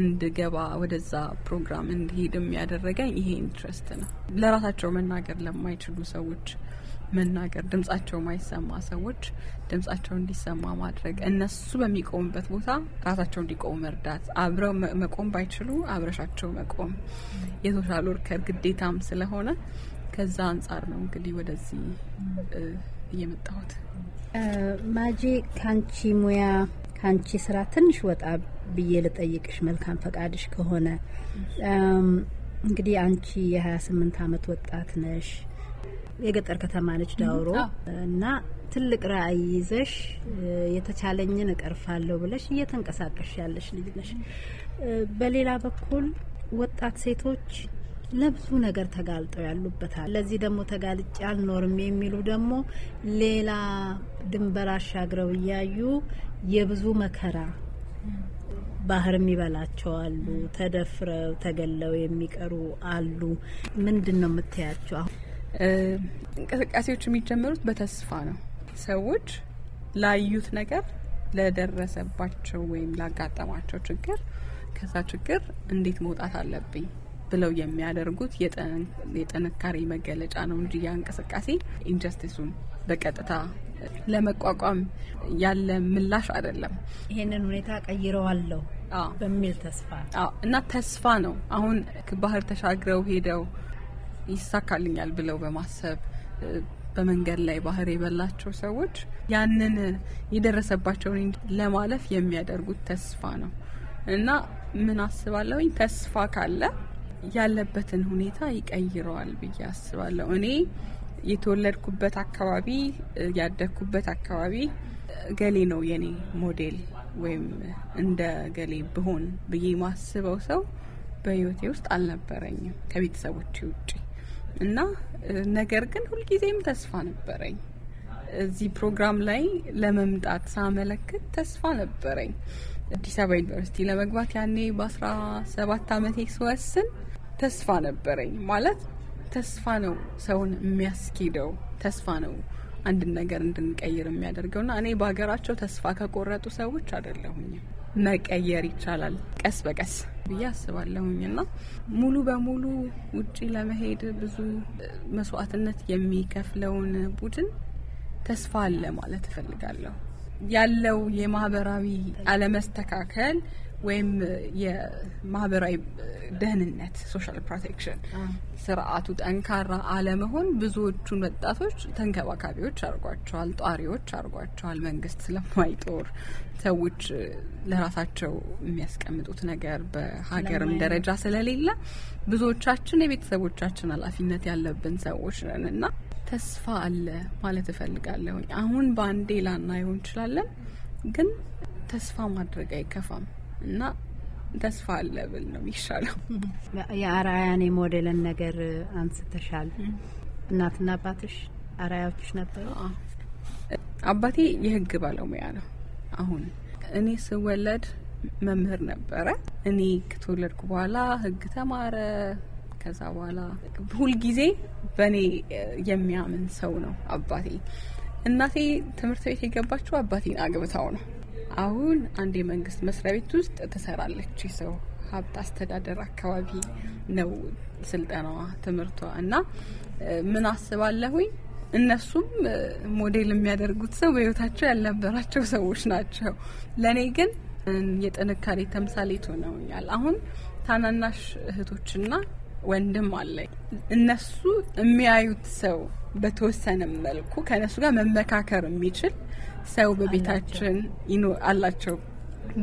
እንድገባ ወደዛ ፕሮግራም እንዲሄድም ያደረገኝ ይሄ ኢንትረስት ነው። ለራሳቸው መናገር ለማይችሉ ሰዎች መናገር፣ ድምጻቸው ማይሰማ ሰዎች ድምጻቸው እንዲሰማ ማድረግ፣ እነሱ በሚቆሙበት ቦታ ራሳቸው እንዲቆሙ መርዳት፣ አብረው መቆም ባይችሉ አብረሻቸው መቆም የሶሻል ወርከር ግዴታም ስለሆነ ከዛ አንጻር ነው እንግዲህ ወደዚህ እየመጣሁት። ማጂ ካንቺ ሙያ ካንቺ ስራ ትንሽ ወጣ ብዬ ልጠይቅሽ መልካም ፈቃድሽ ከሆነ እንግዲህ አንቺ የ28 አመት ወጣት ነሽ። የገጠር ከተማ ነች ዳውሮ እና ትልቅ ራዕይ ይዘሽ የተቻለኝን እቀርፋለሁ ብለሽ እየተንቀሳቀሽ ያለሽ ልጅ ነሽ። በሌላ በኩል ወጣት ሴቶች ለብዙ ነገር ተጋልጠው ያሉበታል። ለዚህ ደግሞ ተጋልጬ አልኖርም የሚሉ ደግሞ ሌላ ድንበር አሻግረው እያዩ የብዙ መከራ ባህር የሚበላቸው አሉ። ተደፍረው ተገለው የሚቀሩ አሉ። ምንድን ነው የምታያቸው? እንቅስቃሴዎች የሚጀመሩት በተስፋ ነው። ሰዎች ላዩት ነገር ለደረሰባቸው ወይም ላጋጠማቸው ችግር ከዛ ችግር እንዴት መውጣት አለብኝ ብለው የሚያደርጉት የጥንካሬ መገለጫ ነው እንጂ ያ እንቅስቃሴ ኢንጀስቲሱን በቀጥታ ለመቋቋም ያለ ምላሽ አይደለም። ይሄንን ሁኔታ ቀይረዋለሁ በሚል ተስፋ እና ተስፋ ነው። አሁን ባህር ተሻግረው ሄደው ይሳካልኛል ብለው በማሰብ በመንገድ ላይ ባህር የበላቸው ሰዎች ያንን የደረሰባቸውን ለማለፍ የሚያደርጉት ተስፋ ነው እና ምን አስባለሁኝ ተስፋ ካለ ያለበትን ሁኔታ ይቀይረዋል ብዬ አስባለሁ። እኔ የተወለድኩበት አካባቢ፣ ያደግኩበት አካባቢ ገሌ ነው የኔ ሞዴል ወይም እንደ ገሌ ብሆን ብዬ ማስበው ሰው በህይወቴ ውስጥ አልነበረኝም ከቤተሰቦች ውጭ እና ነገር ግን ሁልጊዜም ተስፋ ነበረኝ። እዚህ ፕሮግራም ላይ ለመምጣት ሳመለክት ተስፋ ነበረኝ። አዲስ አበባ ዩኒቨርሲቲ ለመግባት ያኔ በአስራ ሰባት አመቴ ስወስን ተስፋ ነበረኝ። ማለት ተስፋ ነው ሰውን የሚያስኪደው፣ ተስፋ ነው አንድን ነገር እንድንቀይር የሚያደርገውና እኔ በሀገራቸው ተስፋ ከቆረጡ ሰዎች አይደለሁኝም። መቀየር ይቻላል ቀስ በቀስ ብዬ አስባለሁኝ እና ሙሉ በሙሉ ውጪ ለመሄድ ብዙ መስዋዕትነት የሚከፍለውን ቡድን ተስፋ አለ ማለት እፈልጋለሁ። ያለው የማህበራዊ አለመስተካከል ወይም የማህበራዊ ደህንነት ሶሻል ፕሮቴክሽን ስርዓቱ ጠንካራ አለመሆን ብዙዎቹን ወጣቶች ተንከባካቢዎች አድርጓቸዋል፣ ጧሪዎች አድርጓቸዋል። መንግስት ስለማይጦር ሰዎች ለራሳቸው የሚያስቀምጡት ነገር በሀገርም ደረጃ ስለሌለ ብዙዎቻችን የቤተሰቦቻችን ኃላፊነት ያለብን ሰዎች ነን እና ተስፋ አለ ማለት እፈልጋለሁኝ። አሁን በአንዴ ላናየው እንችላለን፣ ግን ተስፋ ማድረግ አይከፋም። እና ተስፋ አለ ብል ነው የሚሻለው። የአራያን የሞዴልን ነገር አንስተሻል። እናትና አባትሽ አራያዎች ነበሩ? አባቴ የህግ ባለሙያ ነው። አሁን እኔ ስወለድ መምህር ነበረ። እኔ ከተወለድኩ በኋላ ህግ ተማረ። ከዛ በኋላ ሁልጊዜ በእኔ የሚያምን ሰው ነው አባቴ። እናቴ ትምህርት ቤት የገባችው አባቴን አግብታው ነው። አሁን አንድ የመንግስት መስሪያ ቤት ውስጥ ትሰራለች። የሰው ሀብት አስተዳደር አካባቢ ነው ስልጠናዋ፣ ትምህርቷ እና ምን አስባለሁኝ እነሱም ሞዴል የሚያደርጉት ሰው በህይወታቸው ያልነበራቸው ሰዎች ናቸው። ለእኔ ግን የጥንካሬ ተምሳሌት ሆነውኛል። አሁን ታናናሽ እህቶችና ወንድም አለኝ። እነሱ የሚያዩት ሰው በተወሰነ መልኩ ከእነሱ ጋር መመካከር የሚችል ሰው በቤታችን አላቸው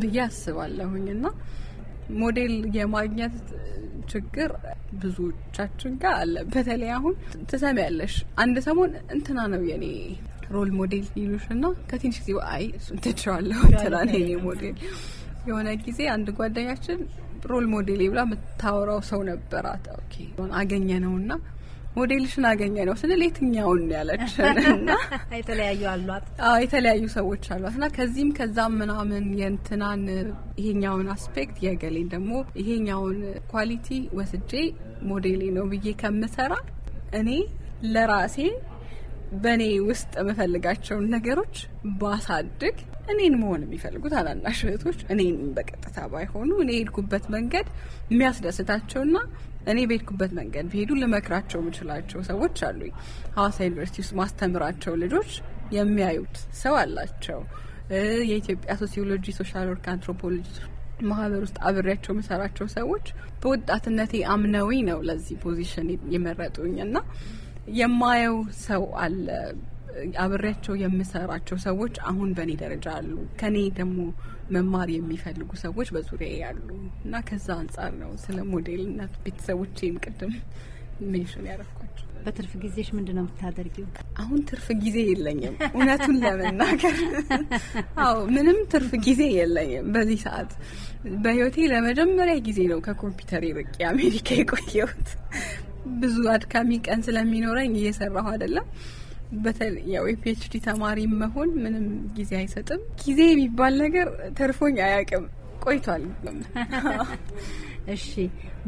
ብዬ አስባለሁኝ እና ሞዴል የማግኘት ችግር ብዙዎቻችን ጋር አለ። በተለይ አሁን ትሰሚያለሽ፣ አንድ ሰሞን እንትና ነው የኔ ሮል ሞዴል ይሉሽ እና ከትንሽ ጊዜ አይ እሱን ትችዋለሁ እንትና ነው የኔ ሞዴል። የሆነ ጊዜ አንድ ጓደኛችን ሮል ሞዴል ብላ የምታወራው ሰው ነበራት። ኦኬ አገኘ ነውና ሞዴልሽን አገኘ ነው ስንል የትኛውን ያለችን እና የተለያዩ አሏት። አዎ የተለያዩ ሰዎች አሏት እና ከዚህም ከዛም ምናምን የእንትናን ይሄኛውን አስፔክት የገሌን ደግሞ ይሄኛውን ኳሊቲ ወስጄ ሞዴሌ ነው ብዬ ከምሰራ እኔ ለራሴ በእኔ ውስጥ የምፈልጋቸውን ነገሮች ባሳድግ እኔን መሆን የሚፈልጉት ታናናሽ እህቶች እኔን በቀጥታ ባይሆኑ እኔ የሄድኩበት መንገድ የሚያስደስታቸውና እኔ በሄድኩበት መንገድ ቢሄዱ ልመክራቸው የምችላቸው ሰዎች አሉኝ። ሀዋሳ ዩኒቨርሲቲ ውስጥ ማስተምራቸው ልጆች የሚያዩት ሰው አላቸው። የኢትዮጵያ ሶሲዮሎጂ፣ ሶሻል ወርክ፣ አንትሮፖሎጂ ማህበር ውስጥ አብሬያቸው የምሰራቸው ሰዎች በወጣትነቴ አምነውኝ ነው ለዚህ ፖዚሽን የመረጡኝ እና የማየው ሰው አለ አብሬያቸው የምሰራቸው ሰዎች አሁን በእኔ ደረጃ አሉ። ከኔ ደግሞ መማር የሚፈልጉ ሰዎች በዙሪያ ያሉ እና ከዛ አንጻር ነው ስለ ሞዴልነት ቤተሰቦቼም ቅድም ሜንሽን ያደረኳቸው። በትርፍ ጊዜሽ ምንድን ነው የምታደርጊው? አሁን ትርፍ ጊዜ የለኝም እውነቱን ለመናገር አዎ፣ ምንም ትርፍ ጊዜ የለኝም በዚህ ሰዓት። በህይወቴ ለመጀመሪያ ጊዜ ነው ከኮምፒውተር ርቄ አሜሪካ የቆየሁት። ብዙ አድካሚ ቀን ስለሚኖረኝ እየሰራሁ አይደለም በተለይ ያው የፒኤችዲ ተማሪ መሆን ምንም ጊዜ አይሰጥም። ጊዜ የሚባል ነገር ተርፎኝ አያውቅም፣ ቆይቷል። እሺ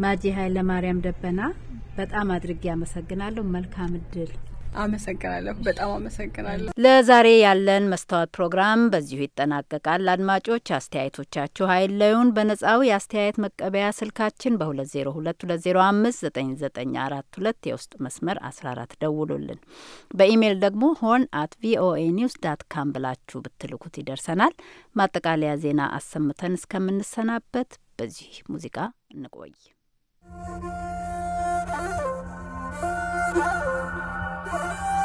ማጂ ኃይለማርያም ደበና በጣም አድርጌ አመሰግናለሁ። መልካም እድል አመሰግናለሁ። በጣም አመሰግናለሁ። ለዛሬ ያለን መስታወት ፕሮግራም በዚሁ ይጠናቀቃል። አድማጮች አስተያየቶቻችሁ አይለዩን። በነጻው የአስተያየት መቀበያ ስልካችን በ2022059942 የውስጥ መስመር 14 ደውሉልን። በኢሜይል ደግሞ ሆን አት ቪኦኤ ኒውስ ዳት ካም ብላችሁ ብትልኩት ይደርሰናል። ማጠቃለያ ዜና አሰምተን እስከምንሰናበት በዚህ ሙዚቃ እንቆይ።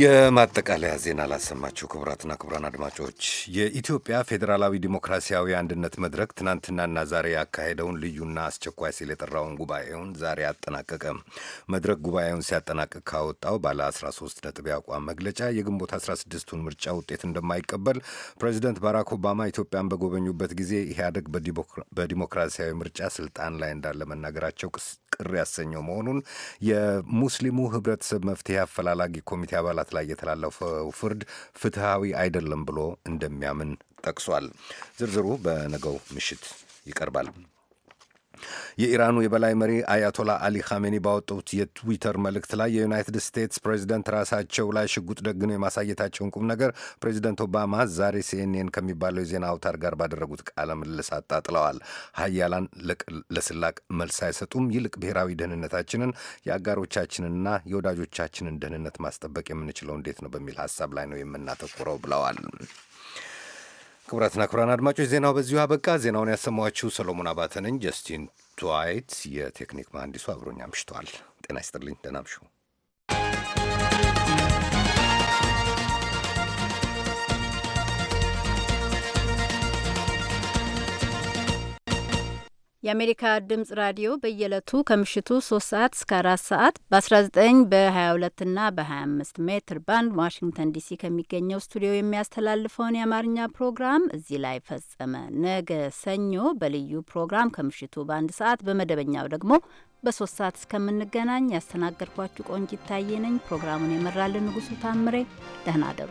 የማጠቃለያ ዜና ላሰማችሁ። ክቡራትና ክቡራን አድማጮች የኢትዮጵያ ፌዴራላዊ ዲሞክራሲያዊ አንድነት መድረክ ትናንትናና ዛሬ ያካሄደውን ልዩና አስቸኳይ ሲል የጠራውን ጉባኤውን ዛሬ አጠናቀቀ። መድረክ ጉባኤውን ሲያጠናቅቅ ካወጣው ባለ 13 ነጥብ የአቋም መግለጫ የግንቦት 16ቱን ምርጫ ውጤት እንደማይቀበል ፕሬዚደንት ባራክ ኦባማ ኢትዮጵያን በጎበኙበት ጊዜ ኢህአደግ በዲሞክራሲያዊ ምርጫ ስልጣን ላይ እንዳለ መናገራቸው ቅር ያሰኘው መሆኑን የሙስሊሙ ህብረተሰብ መፍትሄ አፈላላጊ ኮሚቴ አባላት በ ላይ የተላለፈው ፍርድ ፍትሐዊ አይደለም ብሎ እንደሚያምን ጠቅሷል። ዝርዝሩ በነገው ምሽት ይቀርባል። የኢራኑ የበላይ መሪ አያቶላ አሊ ኻሜኒ ባወጡት የትዊተር መልእክት ላይ የዩናይትድ ስቴትስ ፕሬዚደንት ራሳቸው ላይ ሽጉጥ ደግኖ የማሳየታቸውን ቁም ነገር ፕሬዚደንት ኦባማ ዛሬ ሲኤንኤን ከሚባለው የዜና አውታር ጋር ባደረጉት ቃለ ምልልስ አጣጥለዋል። ሀያላን ለስላቅ መልስ አይሰጡም፣ ይልቅ ብሔራዊ ደህንነታችንን የአጋሮቻችንንና የወዳጆቻችንን ደህንነት ማስጠበቅ የምንችለው እንዴት ነው በሚል ሀሳብ ላይ ነው የምናተኩረው ብለዋል። ክቡራትና ክቡራን አድማጮች ዜናው በዚሁ አበቃ። ዜናውን ያሰማኋችሁ ሰሎሞን አባተ ነኝ። ጀስቲን ትዋይት የቴክኒክ መሐንዲሱ አብሮኛ አምሽተዋል። ጤና ይስጥልኝ። ደህና አምሹ። የአሜሪካ ድምጽ ራዲዮ በየዕለቱ ከምሽቱ 3 ሰዓት እስከ 4 ሰዓት በ19 በ22 እና በ25 ሜትር ባንድ ዋሽንግተን ዲሲ ከሚገኘው ስቱዲዮ የሚያስተላልፈውን የአማርኛ ፕሮግራም እዚህ ላይ ፈጸመ። ነገ ሰኞ በልዩ ፕሮግራም ከምሽቱ በአንድ ሰዓት በመደበኛው ደግሞ በሶስት ሰዓት እስከምንገናኝ ያስተናገድኳችሁ ቆንጂት ታዬ ነኝ። ፕሮግራሙን የመራልን ንጉሱ ታምሬ። ደህና አደሩ።